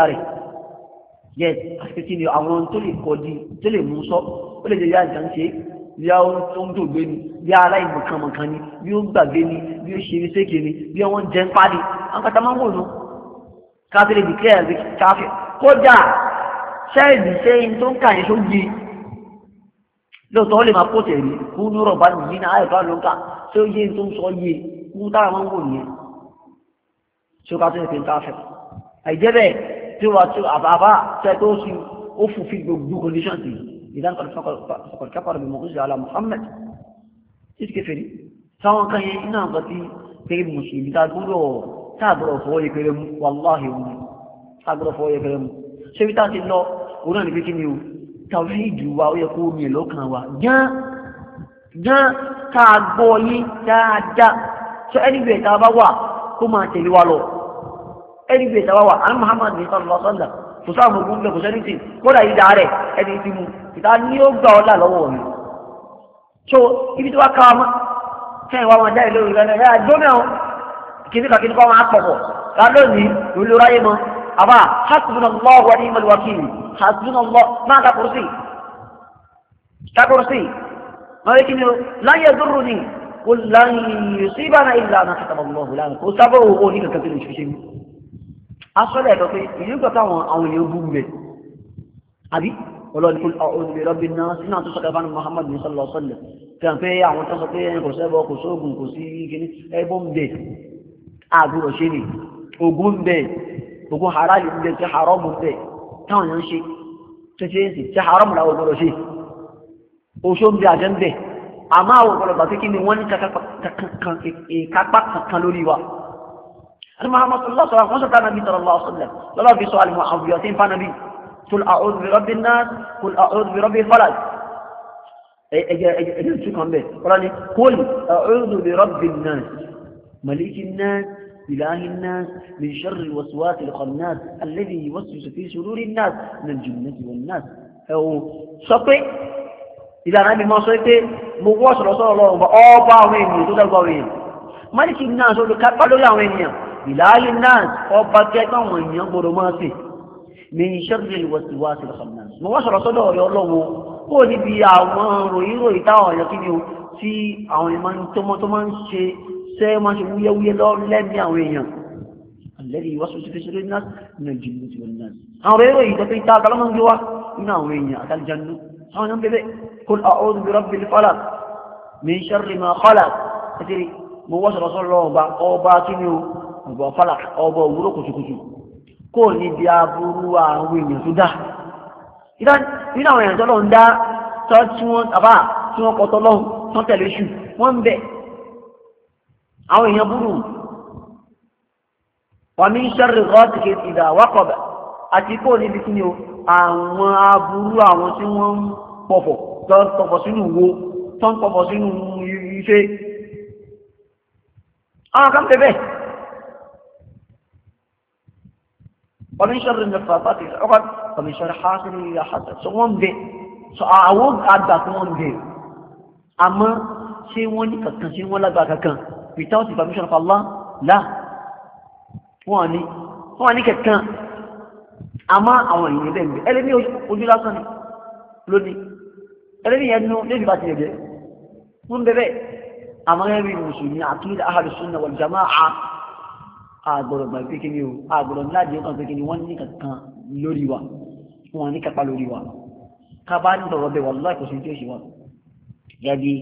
ní àti kí ni àwọn tó lè kọ́ di tó lè mú sọ ó lè jẹ́ yá ìjà bí a tó ń dògbé ni bí a aláìmọ̀kànmọ̀kàn ni bí ó gbàgbé ni bí ó ṣe iṣẹ́kè ni bí wọ́n jẹ́ ń pàdé àwọn kàtà máa ń wò lọ káfílẹ̀ bí kẹ́ẹ̀ bí káfíẹ̀ kódà ṣẹ́ẹ̀dì sẹ́yìn tó ń kà yẹn sóye lóòótọ́ ó lè máa pòtẹ̀ rí kú ní ọ̀rọ̀ bá nìyí náà àìbá ló ń kà tí ó yé tó ń sọ yé kú tára máa ń wò nìyẹn tí ó ká tó ń pè ń káfíẹ̀ àìjẹ́ bẹ́ẹ̀ tí ó tó àbábá إذا قد فقد كفر بما أنزل على محمد ìsìkẹfẹ̀rí sáwọn kan yẹn iná àgbà tí pẹ̀lú mùsùlùmí táàgbọ́rọ̀ fọwọ́ yẹpẹrẹ mú wàláhì wọn táàgbọ́rọ̀ fọwọ́ yẹpẹrẹ mú ṣe bí táàtì lọ òun náà ní pé kí ni o tàwíìdù wa ó yẹ kó omi ẹ̀lọ́kàn wa gán káàgbọ́ yí dáadáa ṣe ẹnìgbẹ̀ẹ́ tá a bá wà kó máa tẹ̀lé wa lọ ẹnìgbẹ̀ẹ́ tá a bá wà àná Muhammad ní sọ́nà lọ́sọ́ndà kò sáà mo kú bẹ́ẹ̀ kò sẹ́ni tì kódà ìdá rẹ̀ ẹni tí mu ìdá ni ó gbà ọ́ là lọ́wọ́ mi. so ibi tí wàá ká wa mọ́ sẹ́yìn wa wọn dá ìlú ìlú ẹ̀ ẹ̀ gbọ́n náà kìíní kan kìíní kan wọn á pọ̀ pọ̀ ká lónìí lórí ráyé mọ́ àbá hasbunallahu wa ni'mal wakil hasbunallahu máa ka kùrùsì ka kùrùsì máa yẹ kí ni la yadurruni qul lan yusibana illa ma kataba Allahu lana kò sábà wò ó ní kankan asọ́lẹ̀ ẹ̀dọ́ pé ìlú ìgbà táwọn àwọn èèyàn bú rẹ̀ àbí ọlọ́ni kò ọ̀rọ̀ ìrọ̀ bí náà sínú àtúnṣe ọ̀dọ̀ fún Muhammad ní sọ́lọ́ sọ́lẹ̀ tí wọ́n pé àwọn tó sọ pé kò sẹ́bọ̀ kò sóògùn kò sí kíní ẹbọ ń bẹ àbúrò ṣe ni ogun ń bẹ ogun harali ń bẹ tí haramu ń bẹ táwọn èèyàn ṣe الله صلى الله عليه وسلم وصف النبي صلى الله عليه وسلم صلى في سؤال معاويتين فنبي قل أعوذ برب الناس قل أعوذ برب الفلق اجلسوا كم به قراني قل أعوذ برب الناس ملك الناس إله الناس من شر الوسواس الخناس الذي يوسوس في شرور الناس من الجنة والناس أو صفي إذا أنا بما صفي مغوص رسول الله أبا وين يتوتل قوين ملك الناس أقول لك أبا لك ìlàálì náà ọba tẹ́gbà àwọn èèyàn gbọdọ̀ máa sì ní ìṣẹ́gbẹ̀ ìwọ̀síwáṣì lọ́sọ̀mọ́nà mo wá sọ̀rọ̀ sọ́dọ̀ ọ̀rẹ́ ọlọ́run kó níbi àwọn ròyìn ròyìn táwọn ọ̀yọ́ kí ni o tí àwọn èèyàn tó máa ń ṣe sẹ́ máa ṣe wúyẹ́wúyẹ́ lọ lẹ́mí àwọn èèyàn alẹ́rí ìwọ́sùn ti fi ṣeré náà nínú ìjìnlẹ̀ ti wọ́n náà àwọn rẹ̀ ròyìn tó fi ta àtàlọ́mọ́ ń gbé wá nínú àwọn èèyàn àtàlìjánu àwọn èèyàn bẹ́bẹ́ kó ìgbà fàlà ọbọ òwúrọ̀ kùtùkùtù kò ní bí aburú àwọn èèyàn tó dá nínú àwọn èèyàn tó lọ ń dá tọ́ tí wọ́n àbá tí wọ́n kọ́ tọ́lọ́ tán tẹ̀lé ṣù wọ́n ń bẹ̀ àwọn èèyàn burú wà ní sẹ́rì rọ́ọ̀tì ìdá wákọ̀bẹ̀ àti kò níbi kí ni o àwọn aburú àwọn tí wọ́n ń pọ̀fọ̀ tó ń pọ̀fọ̀ sínú wo tó pọ̀fọ̀ sínú ife àwọn kan tẹ̀ bẹ́ẹ̀ ومن شر النفاثات في العقد ومن شر حاسد إذا حسد so wọ́n bẹ so àwọn àgbà kan wọ́n bẹ àmọ́ ṣé wọ́n ní kankan ṣé wọ́n lágbà kankan without the permission of Allah la wọ́n ní wọ́n ní kankan àmọ́ àwọn èèyàn bẹ́ẹ̀ bẹ́ẹ̀ ẹlẹ́ni ojú lásán ni lónìí ẹlẹ́ni yẹn nu lónìí bá ti yẹ bẹ́ẹ̀ wọ́n bẹ́ẹ̀ bẹ́ẹ̀ àmọ́ ẹ̀rí mùsùlùmí àtúndà ahàlùsùn náà wal jama'a àgbọ̀rọ̀ gbà pé kíni o àgbọ̀rọ̀ láti ọkàn pé kíni wọ́n ní kankan lórí wa wọ́n ní kapa lórí wa ká bá ń dọ̀rọ̀ bẹ̀ wà lọ́wọ́ ìkọ̀sí tí ó ṣe wa gẹ́gẹ́ bí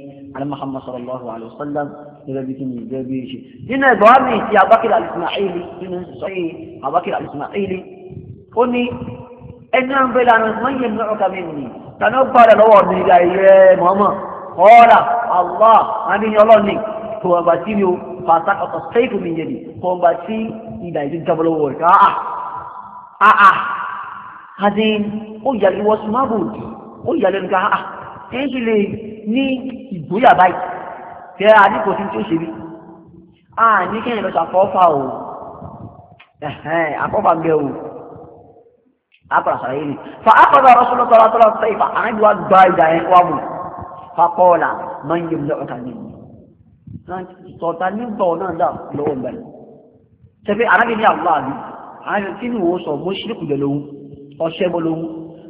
Muhammad sallallahu alaihi wasallam gẹ́gẹ́ bí kíni gẹ́gẹ́ bí ṣe nínú ẹgbẹ́ wa mi ti abakir al-Ismaili nínú sọ́yìn abakir wọ́n yẹ mọ́ ọ̀kà ó فسقط السيف من يدي قوم باتي إذا يجد جبل وورك آآ آآ هذين ó yà lè wọ smartboard ó yà lè nga ah ẹ ṣe lè ní ìgboyà báyìí tẹ àdìpọ̀ tí ó ṣe rí a ní kẹ́yìn lọ́sọ̀ àfọ́fà o àfọ́fà ń bẹ o àpàrà sàlàyé ni fa àpàrà rọ́ṣọ́lọ́ tọ́lá tọ́lá tọ́lá ìfà àrẹ́bí wa gba ìdá yẹn wà fa kọ́ọ̀là máa ń yẹ lọ́ọ̀tà sọ̀tà nígbọ̀ náà dà lọ́wọ́ ìgbàlẹ̀ tẹ́fẹ́ arábìnrin àwọn àbí àwọn tí wò sọ mọ́ ṣílùkù lẹ̀ lóhun ọṣẹ́ bọ́ lóhun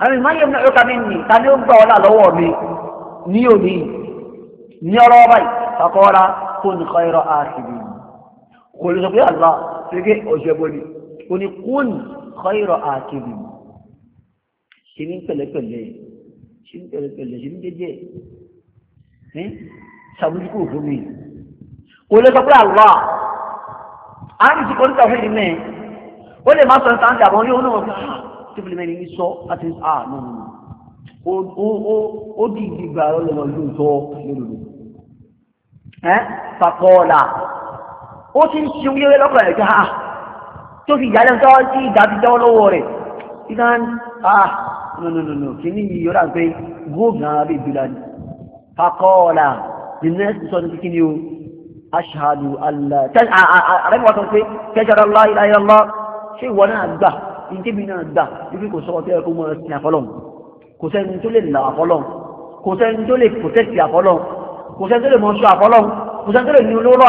àwọn ìmáyé náà yóò kàmí nì ta ni ó gbà ọ́lá lọ́wọ́ mi ní òní ní ọ̀rọ̀ báyìí kakọ́ra kó nìkan ẹ̀rọ àṣìbì kò lè sọ pé àlá pé ọṣẹ́ bọ́ ni kò ní kó nìkan ẹ̀rọ àṣìbì ṣe ní pẹ̀lẹ́pẹ̀lẹ́ ṣe ní pẹ̀lẹ́pẹ̀lẹ́ ṣe ní jẹ́jẹ́ ṣàbójúkò mi kò sọ pé Allah àrùn ti kọ́ ní tàwọn ìdí ó lè má sọ nípa àǹtí àbọ̀ ní òun náà tí bìlì mẹ́rin sọ àti ah ó di ìgbà lọ́lọ́ ìlú sọ lórí ẹ́ fàkọ́ọ̀là ó ti ń ṣe oyé lọ́kọ̀ ẹ̀ ah, tó fi ìyá lẹ́nu tí ìdájú jẹ́wọ́ lọ́wọ́ rẹ̀ ìdá ah no ní yìí yọ̀rá pé gómìnà abẹ́ ìbílẹ̀ ni o ashhadu alla àrẹ́gbà tó pé kẹjọra la ilaha illallah ṣe ìwọ náà gbà ìdíbi náà gbà ibi kò sọ ọtí ẹkọ mọ ẹsìn àfọlọ́n kò sẹ́ni tó lè là àfọlọ́n kò sẹ́ni tó lè protect àfọlọ́n kò sẹ́ni tó lè mọ sọ àfọlọ́n kò sẹ́ni tó lè ní olóró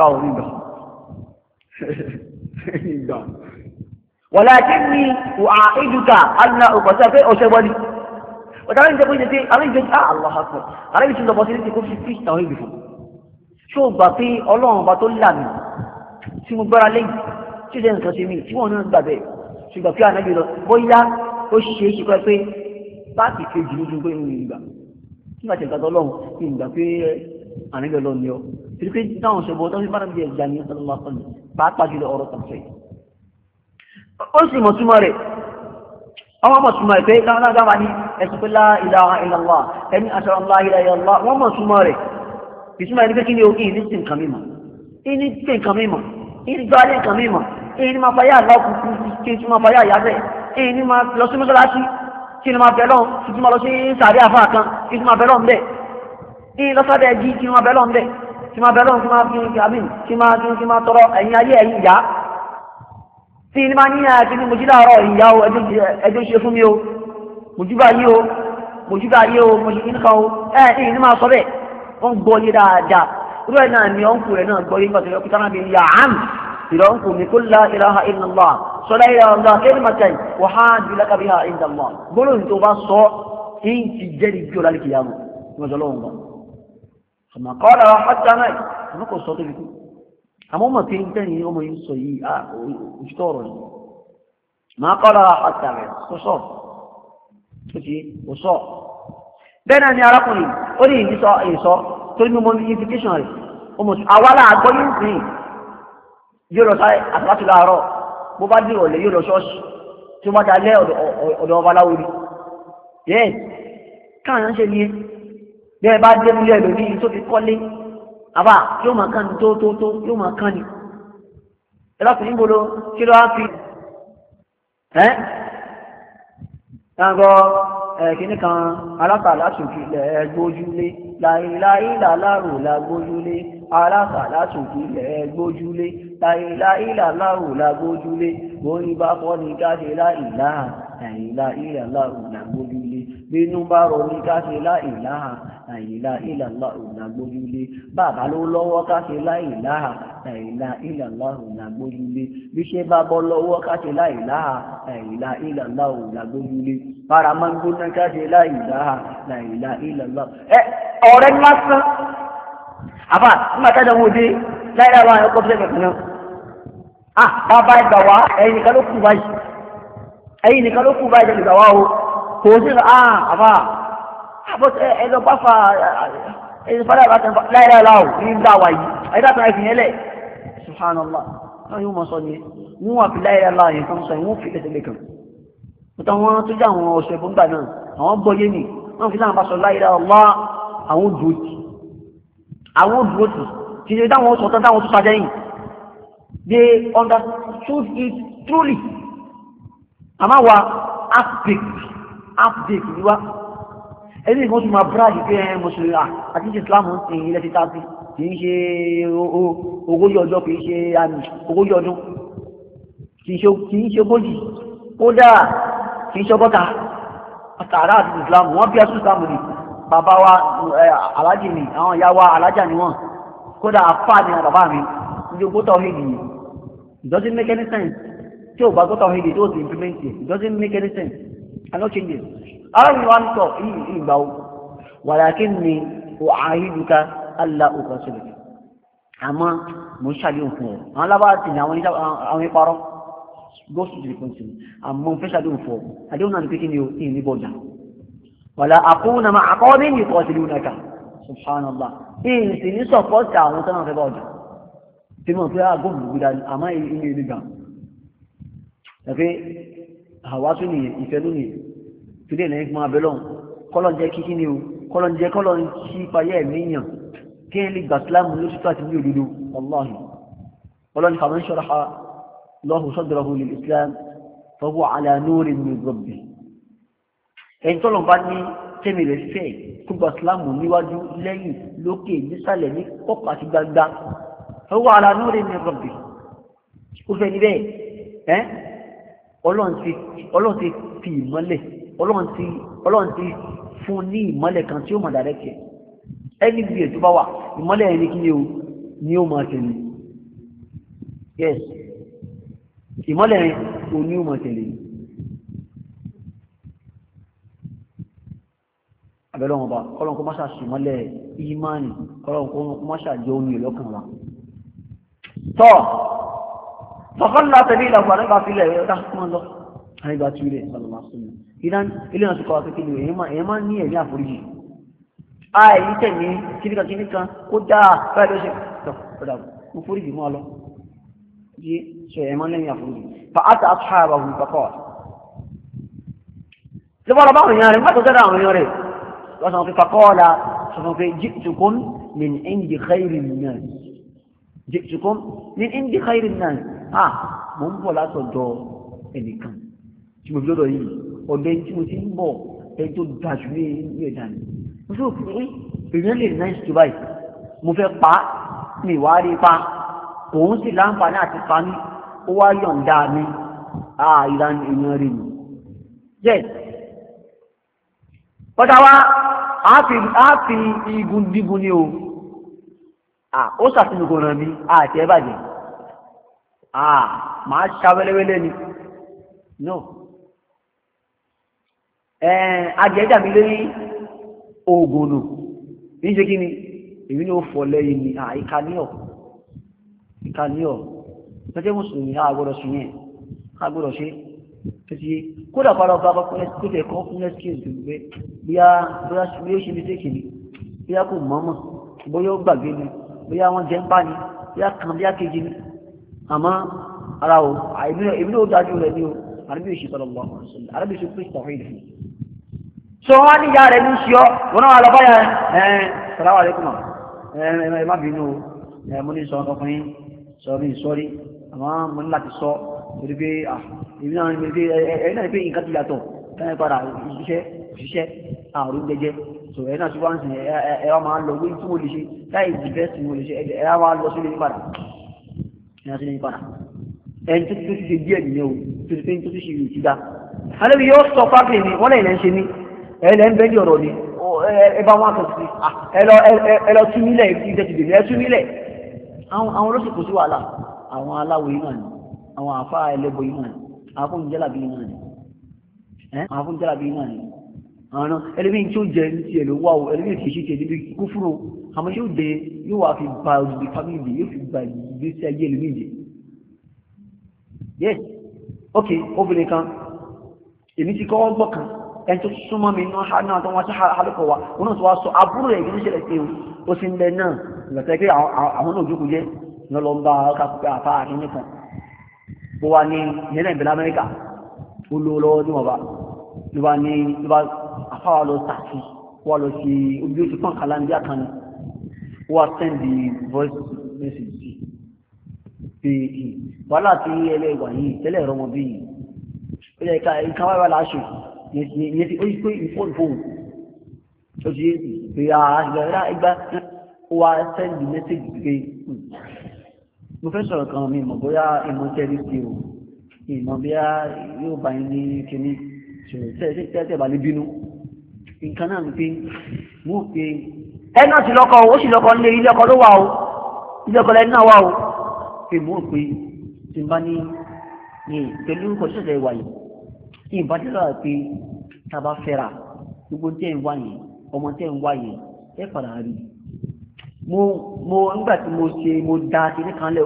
àfọlọ́n walakinni u'aiduka anna ọ̀pọ̀sẹ̀ pé ọ̀ṣẹ́ wọlé ọ̀tàrà ń jẹ́ pé ṣe àwọn ìgbésí ah allah akọ àrẹ ìṣúná bọ́ sí ní kó fi fíìsì àwọn ìgbìfọ̀ ṣé o gbà pé ọlọ́run ọba tó là mí tí mo gbára lẹ́yìn tí ó ṣe nǹkan ṣe mí tí wọ́n náà gbà bẹ́ẹ̀ àníbẹ̀ lọ ní ọ tí pé táwọn ṣọ̀bọ̀ tó fi bára bí ẹja ní ọlọ́lá sọ́nà pàápàá jùlọ ọ̀rọ̀ tàbí ó sì mọ̀ túmọ̀ rẹ̀ ọmọ mọ̀ túmọ̀ rẹ̀ pé láwọn dáwà ní ẹ̀sùn pé la ilaha illallah ẹni àṣọrọ̀ la ilaha illallah wọ́n mọ̀ túmọ̀ rẹ̀ ìtumọ̀ ẹni pé kí ni o kí ní sí nǹkan mímọ̀ ní sí nǹkan mímọ̀ ní gbá lé nǹkan mímọ̀ ní máa fayá àlákùnkùn kí n túmọ̀ fayá àyábẹ̀ ní máa lọ sí mọ́sálásí kí ni máa bẹ̀ lọ́n kí n túmọ̀ lọ sí sàárẹ̀ àfáà kan kí n túmọ̀ bẹ̀ lọ́n ní lọ́sọ̀dẹ̀ jí kí wọ́n bẹ́lọ̀ ń bẹ̀ kí wọ́n bẹ́lọ̀ kí wọ́n fi ń gbàmí kí wọ́n fi ń kí wọ́n tọrọ ẹ̀yìn ayé ẹ̀yìn ìyá tí ní máa níyà kí ni mojú láàárọ̀ ìyá o ẹjọ́ ṣe fún mi o mojú bá yí o mojú bá yí o mojú kí nìkan o ẹ ẹ ní máa sọ bẹ́ẹ̀ wọ́n gbọ́ yé dáadáa irú ẹ̀ náà ni ọ̀nkù rẹ̀ náà gbọ́ yé nígbà tó yẹ kó sáná bíi yà á mi ìrọ̀ kó la ilaha illallah sọlá ilà ọ̀la kéde màtà yìí wà á ju lákàbí ha ìdàmọ́ gbọ́dọ̀ ní tó bá sọ èyí ti jẹ́ ní bí ọ̀la ní kìyàmù ìmọ̀jọ́lọ́wọ̀n náà ọmọ kọ́lá ọjọ́ náà ọmọ kò sọ tó fi kú àmọ́ mọ̀ pé tẹ́yìn ọmọ yìí sọ yìí à ah, òṣìṣẹ́ ọ̀rọ̀ yìí máa kọ́lá ọjọ́ rẹ̀ sọ́sọ́ tó ti sọ́ bẹ́ẹ̀ náà ni arákùnrin ó ní ìdísọ ìsọ tó ní mọ́ ní implication rẹ̀ ọmọ àwálà àgbọ́ yìí sìn yóò lọ sáré àtàlátì láàárọ̀ bó bá dé ọ̀lẹ́ yóò lọ ṣọ́ọ̀ṣì tí wọ́n bá dalẹ́ ọ̀dọ̀ ọbaláwo ni yẹ́ẹ̀ káà ṣe ní bí ẹ bá dé múlẹ̀ lónìí tó fi kọ́lé àbá yóò máa kán ni tó tó tó yóò máa kán ni ẹ lọ́sìn níbo ló kí ló wá fi ẹ́ yàgò ẹ̀kíní kan alátàlá sòkè ilẹ̀ ẹgbójúlé láìláìlàlárò lágbójúlé alátàlá sòkè ilẹ̀ ẹgbójúlé láìláìlàlárò lágbójúlé orin bá fọ́ ní káṣe láìláà láìláìlàlárò lágbójúlé bínú bá rọ ní káṣe láìláà àìlá ìlàlá ònàgbójúlé bàbá ló lọ́wọ́ káṣe láìlá àìlá ìlàlá ònàgbójúlé bí ṣe bá bọ́ lọ́wọ́ káṣe láìlá àìlá ìlàlá ònàgbójúlé para máa ń gbóná káṣe láìlá àìlá ìlàlá. ẹ ọ̀rẹ́ lásán àbá nígbà tá a dánwò láìlá wa ẹ̀kọ́ fẹ́ kẹ̀kẹ́ náà. ah bàbá ìgbà wa ẹ̀yin nìkan ló kù báyìí ẹ̀yin nìkan ló kù báyìí àbọ̀tẹ́ ẹ̀lọ́ báfà ẹ̀yìn fàdà bá tẹ̀fà láìláì láò ní ń dáwà yìí àyíká tó ẹ̀fìn ẹlẹ̀ subhanallah náà yóò mọ̀ sọ ni wọ́n wà fi láìláì láò yẹn kan sọ ìwọ́n fi ẹsẹ̀ lẹ́kàn mọ́tà wọn tó jẹ́ àwọn ọ̀sẹ̀ bọ́ńgbà náà àwọn gbọ́yé ni wọ́n fi truly àmọ́ wa half baked half ẹni ìgbọ́n tún máa búráàjì pé ẹ eh, mùsùlùmí àti ìsìláàmù ń ilẹ̀ títà sí kì ṣe ogójì ọjọ́ kì í ṣe ogójì ọdún kì ṣe ogójì kódà kì í ṣe ọgọ́ta àtàrà àti ìsìláàmù wọ́n bí ẹ̀sùn ìsìláàmù ni bàbá wa eh, alájì ni àwọn ìyá wa alájà ni wọ́n kódà àfáà ni bàbá mi ní ogó tọ́ hìdì yìí it doesn't make any sense tí ò bá tó tọ́ hìdì tó ti implement it doesn't make any sense cannot change it ọlọ́run wa ń tọ̀ yìí ìgbà o wàlàkì ni o àhídùkà allah ọkọ̀ sílẹ̀ àmọ́ mo ń ṣàlẹ́ òfin ẹ̀ àwọn alábàá ti ní àwọn ìparọ́ goes to the country àmọ́ mo fẹ́ ṣàlẹ́ òfin àdéhùn náà ni ni o ní ní bọ̀dà àkóhùn àmọ́ àkọ́ọ́bí ni àwa tún nìyẹn ìfẹ́lú nìyẹn torí ẹ̀ lẹ́yìn fún abẹ́lọ́n kọ́lọ́n jẹ́ kíkí ni o kọ́lọ́n jẹ́ kọ́lọ́n sí payẹ́ ẹ̀mí yàn kí ẹ lè gbà síláàmù lóṣù tó àti ní òdodo ọlọ́hìn ọlọ́ni fàmí ṣọ́ra ha lọ́hùn sọ́dọ̀rọ̀ hùn lè islam fọwọ́ alánúrì ní rọ̀bì ẹni tọ́lọ̀ bá ní tẹ́mi rẹ̀ fẹ́ ní pọ́pọ̀ àti ọlọ́run ti fi ìmọ́lẹ̀ ọlọ́run ti fún ní ìmọ́lẹ̀ kan tí ó mọ̀ dàrẹ́kì ẹni bí ètò bá wà ìmọ́lẹ̀ ẹni kí ni ó máa tẹ̀lé yes ìmọ́lẹ̀ o ní ó máa tẹ̀lé abẹ́lẹ́ wọn bá ọlọ́run kó má ṣàṣì mọ́lẹ̀ ìmánì ọlọ́run kó má ṣàjọ omi ìlọ́kàn wa fọ̀kọ́lá tẹ̀lé ìlàkùn àlẹ́gbà sílẹ̀ ẹ̀dá máa lọ àlẹ́gbà tí ilé ìsọ̀lọ̀mà súnmọ̀ ìdán ilé náà ti kọ́ akékeré èèyàn máa ní ẹ̀mí àforíjì àìyí tẹ̀mí kíníkan kíníkan kó dáa báyìí ló ṣe tọ̀ ọ̀dà mo foríjì mọ́ lọ yé sọ ẹ̀ máa lẹ́yìn àforíjì fa ata aṣáàbà hù bàkọ́ lọ́wọ́ lọ́wọ́ àwọn èèyàn rẹ̀ má tó dára àwọn èèyàn rẹ̀ wọ́n sọ fún fakọ́ọ̀lá sọ fún fún jìtùkún min indi khairin nas jìtùkún min indi khairin nas Ah, mò ń bọ̀ látọ̀dọ̀ ẹnìkan tí mo fi lọ́dọ̀ yìí ọ̀dọ̀ ẹni tí mo ti ń bọ̀ ẹni tó da jù ní ilé ẹ̀dá ni mo sọ pé èèyàn lè náà ṣètò báyìí mo fẹ́ pa á mi ìwà rí pa òun sì láǹfààní àti pa mí ó wá yọ̀ǹda mi à ah, ìlànà èèyàn rí mi. yes wa á fi igun dígun ni o ah, ó ṣàfihàn kò ràn àti ah, ẹ bàjẹ́ ah máa ṣá wẹ́lẹ́wẹ́lẹ́ ni no ajẹ́jà mi lórí oògùn nù ní ṣe kí ni èmi ní ó fọ lẹ́yìn ni à ah, ìkàníọ̀ ìkàníọ̀ lọ́jẹ́ mùsùlùmí àgbọ̀dọ̀ sí yẹn àgbọ̀dọ̀ ṣe títí kódà padà bá kọ́lẹ̀ kọ́ fún ẹ́skìs gbogbo bóyá bóyá bí ó ṣe ní tèkì ni bóyá kò mọ́mọ́ bóyá ó gbàgbé ni bóyá wọ́n jẹ́ ń bá ni bóyá kan bóyá kejì ni àmọ́ ara o ìbí ló dájú rẹ̀ ní o àrẹ́bí òṣì sallallahu alaihi wasallam àrẹ́bí òṣì pèsè tọ̀hún ìdìbò so wọ́n ní ìyá rẹ̀ ní ṣíọ́ wọn náà lọ báyà ẹ̀ salamu alaikum ẹ̀ má bínú ẹ̀ mo ní sọ ọkùnrin sọ mi sọ́rí àmọ́ mo ní láti sọ torí pé ìbí so ẹ̀yin náà ṣùgbọ́n ẹ̀ ẹ̀ wá máa lọ wí tí mo lè ṣe láì jìbẹ́ sí mo lè ṣe ẹ̀ wá lọ sílé nípadà ìyá sí ní padà ẹni tó tún ṣe díẹ̀ nìyẹn o tó ti pé tó tún ṣe yìí ti dá. alẹ́bi yóò sọ pápẹ́ mi wọ́n lẹ́yìn lẹ́ ń ṣe mí ẹ̀ lẹ́ ń bẹ́ ní ọ̀rọ̀ ni ẹ bá wọn kàn sí ẹ lọ tú nílẹ̀ ìdẹ́ ti bèrè ẹ tú nílẹ̀ àwọn olóṣèkò sí wàhálà àwọn aláwo yìí náà ni àwọn àfa ẹlẹ́bọ yìí náà ni àwọn afúnjẹ́làbí yìí náà ni àná ẹlẹ́mí tí ó jẹ ní ti ẹ̀lú wà ó ẹlẹ́mí kìí ṣe níbi kúfúrú àmọ́ yóò dé yóò wá fi ba òdìdí fámìlì yóò fi ba ìgbésí ayé ẹlẹ́mí jẹ. yes ok obìnrin kan èmi ti kọ́ ọgbọ́n kan ẹni tó súnmọ́ mi náà ha náà tó wá sí àlùkọ̀ wa òun náà tó wá sọ àbúrò ẹ̀ kìí ṣẹlẹ̀ sí o sì ń bẹ náà ìgbàsẹ̀ pé àwọn náà jókòó jẹ́ ní ọlọ́ ń bá kápẹ́ àfa àkíní kan ó wá ní ìyẹn náà ìbẹ̀lẹ̀ Amẹ́ríkà ó lówó lọ́wọ́ ní ló bá ní ló bá káwà lọ tàfi wà lọ sí ojú oṣù kan kàlámbíà kan ní wà send the voice message sí pé wàhálà tí ẹlẹ́wà yìí tẹ́lẹ̀ ẹ̀rọ wọn bí yìí ó yẹ ká wáyé wà láṣù yẹn ti ó yí pé ìfóònù fóònù ó ti pé àgbàrá ìgbà wà send the message pé mo fẹ́ sọ̀rọ̀ kan mi mọ̀ bóyá ìmọ̀ tẹ́lẹ̀ sí o ìmọ̀ bí yóò bá yín ní kíní ṣòro tẹ́ẹ̀ tẹ́ẹ̀ tẹ́ẹ̀ bá lè bínú nǹkan náà ń pé mú pé ẹ náà ti lọ́kọ ó sì lọ́kọ nílé ilé ọkọ ló wà o ilé ọkọ lẹ́nu náà wà o pé mú pé tí n bá ní ní pẹ̀lú kò ṣẹ̀ṣẹ̀ wà yìí tí n bá dé lọ́wọ́ pé tá a bá fẹ́ra gbogbo tẹ́ ń wá yìí ọmọ tẹ́ ń wá yìí ẹ padà rí mo mo nígbà tí mo ṣe mo da kíní kan lẹ̀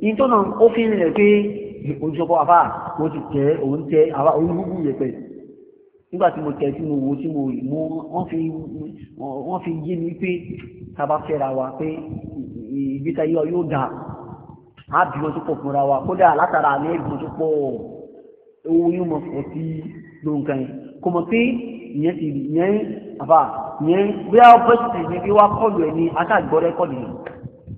ní tó náà ó fi ń rìn rẹ̀ pé ojú ọkọ̀ àbá mo ti tẹ́ òun tẹ́ àbá òun yẹpẹ̀ nígbà tí mo tẹ̀ tí mo wo tí mo rí mo wọ́n fi yé mi pé tàbá fẹ́ra wa pé ìgbésà yíyọ yóò dà á bí o tó pọ̀ fúnra wa kódà látara ní ẹ̀bùn tó pọ̀ owó yóò mọ̀ fọ́ sí lóǹkà yẹn kò mọ̀ pé ìyẹn ti ìyẹn àbá ìyẹn bí wọ́n bọ́ sí ìyẹn bí wọ́n kọlù ẹ̀ ní aṣáàgbọ́ rẹ́kọ̀dì yẹn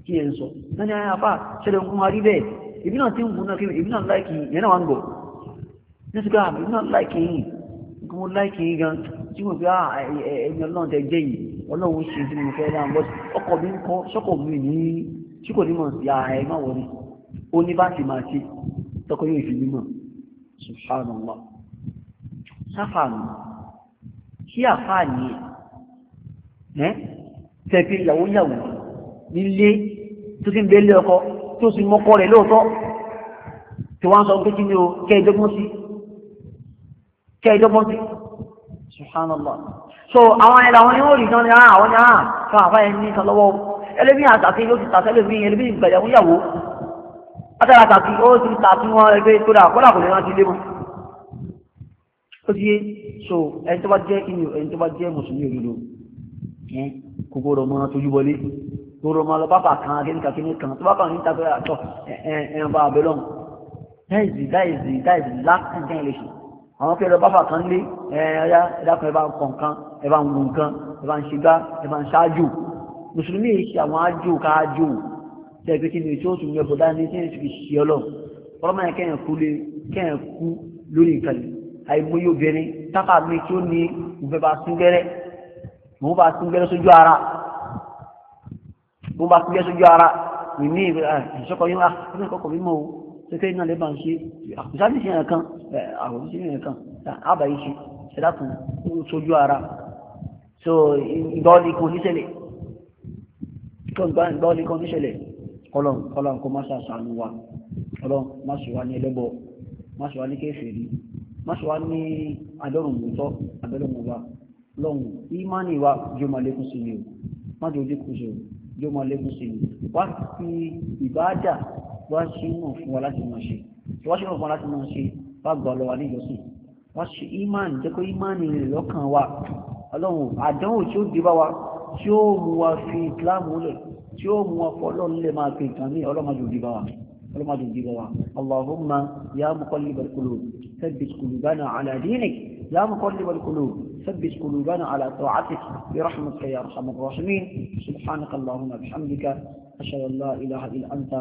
kí ẹ̀ ń sọ lẹ́ni àbá ṣẹlẹ̀ fún wa rí bẹ́ẹ̀ ìbí náà ti ń wù náà kí ìbí náà láìkì ìyẹn náà wà ń gbọ̀ nítorí àmì ìbí náà láìkì yìí nǹkan mo láìkì yìí gan tí mo fi á ah, ẹni ọlọ́run tẹ jẹ́ yìí ọlọ́run ṣe tí mo fẹ́ dáhùn bọ́ ọkọ̀ mi ń kọ́ sọ́kọ̀ mi ní tí kò ní mọ̀ sí ààrẹ má wọlé ó ní bá ti máa ṣe tọkọ yóò fi mímọ̀ subhanallah sáfàánù kí àfáàní ẹ tẹ̀pẹ́ ìyàwó yàwó nílé tó ti ń gbélé ọkọ tó sì mọ́kọ rẹ̀ lóòótọ́ tí wọ́n sọ pé kí ni o kẹ́ ẹ̀dọ́gbọ́n kí ẹ dọ́gbọ́n sí subhanallah so àwọn ẹ̀rọ àwọn ni wọ́n rí náà ni ah, àwọn ni àwọn ah, fún àbá ẹni kan lọ́wọ́ ẹlẹ́bí àtàkì yóò ti tà sẹ́lẹ̀bí ẹlẹ́bí ìgbàyàwó yàwó látara àtàkì ó ti tà sí wọn ẹgbẹ́ tó dà kọ́dà kò lè rántí lé mọ́ ó ti yé so ẹni tó bá jẹ́ inú ẹni tó bá jẹ́ mùsùlùmí òdodo kókó rọ̀ mọ́ tó yúbọlé tó rọ̀ mọ́ lọ pápá kan akẹ́kẹ́ kíní kan tó bá kàn ní àwọn kí ẹ lọ bá fà kan lé ẹ̀yà ẹ̀dàkùn ẹ bá ń kọ̀ǹkan ẹ bá ń wù nǹkan ẹ bá ń ṣígbá ẹ bá ń ṣáájò mùsùlùmí yìí ṣe àwọn ájò káájò tẹ̀gbẹ́ kí ni tí ó tún yẹ bọ̀dá ní tí yẹn ti fi ṣe ọlọ ọlọ́mọ yẹn kẹ́yìn kú lé kẹ́yìn kú lórí nǹkan yìí àìmọye obìnrin tápà mi tí ó ní ìfẹ́ bá sún gẹ́rẹ́ mò ń bá sún gẹ́rẹ́ sójú ara mò ń bá sún gẹ́rẹ́ sójú ara ìní ìṣọ́kọ yín wá ah, ẹgbẹ́ ìkọkọ̀ mímọ́ o pé náà lè máa ń ṣe àkùsáàdì sí ẹ̀yàn kan àwọn sí ẹ̀yàn kan àbáyé ṣe ṣẹ̀dákùn sójú ara so ìgbọ́ọ̀lìkan oníṣẹ̀lẹ̀ ìgbọ́ọ̀lìkan oníṣẹ̀lẹ̀ kọlọ̀n kọlọ̀n kó má ṣàṣàánú wa kọlọ̀n má ṣe wá ní ẹlẹ́bọ má ṣe wá ní kèfèrí má ṣe wá ní adọ́rùnmùtọ́ abẹ́rùnmùwa lọ́hùn ìmánì wa jọ máa lékún sí ni o má jọ lékún sí o jọ máa lékún sí ni wá fi ìbáàdà wá ṣínú fún wa láti máa ṣe wá ṣínú fún wa láti máa ṣe wá gbà lọ wa ní ìjọsìn wá ṣe ìmáànì jẹ́ kó ìmáànì rẹ̀ lọ́kàn wa ọlọ́run àdánwò tí ó dé bá wa tí ó mú wa fi ìsìláàmù lẹ̀ tí ó mú wa fọ ọlọ́run lẹ̀ máa fi ìtàn ní ọlọ́mọdé òdì bá wa ọlọ́mọdé òdì bá wa allahumma ya muqallibal qulub thabbit qulubana ala dinik يا مقلب القلوب ثبت قلوبنا على طاعتك برحمتك يا ارحم الراحمين سبحانك اللهم بحمدك اشهد ان لا اله الا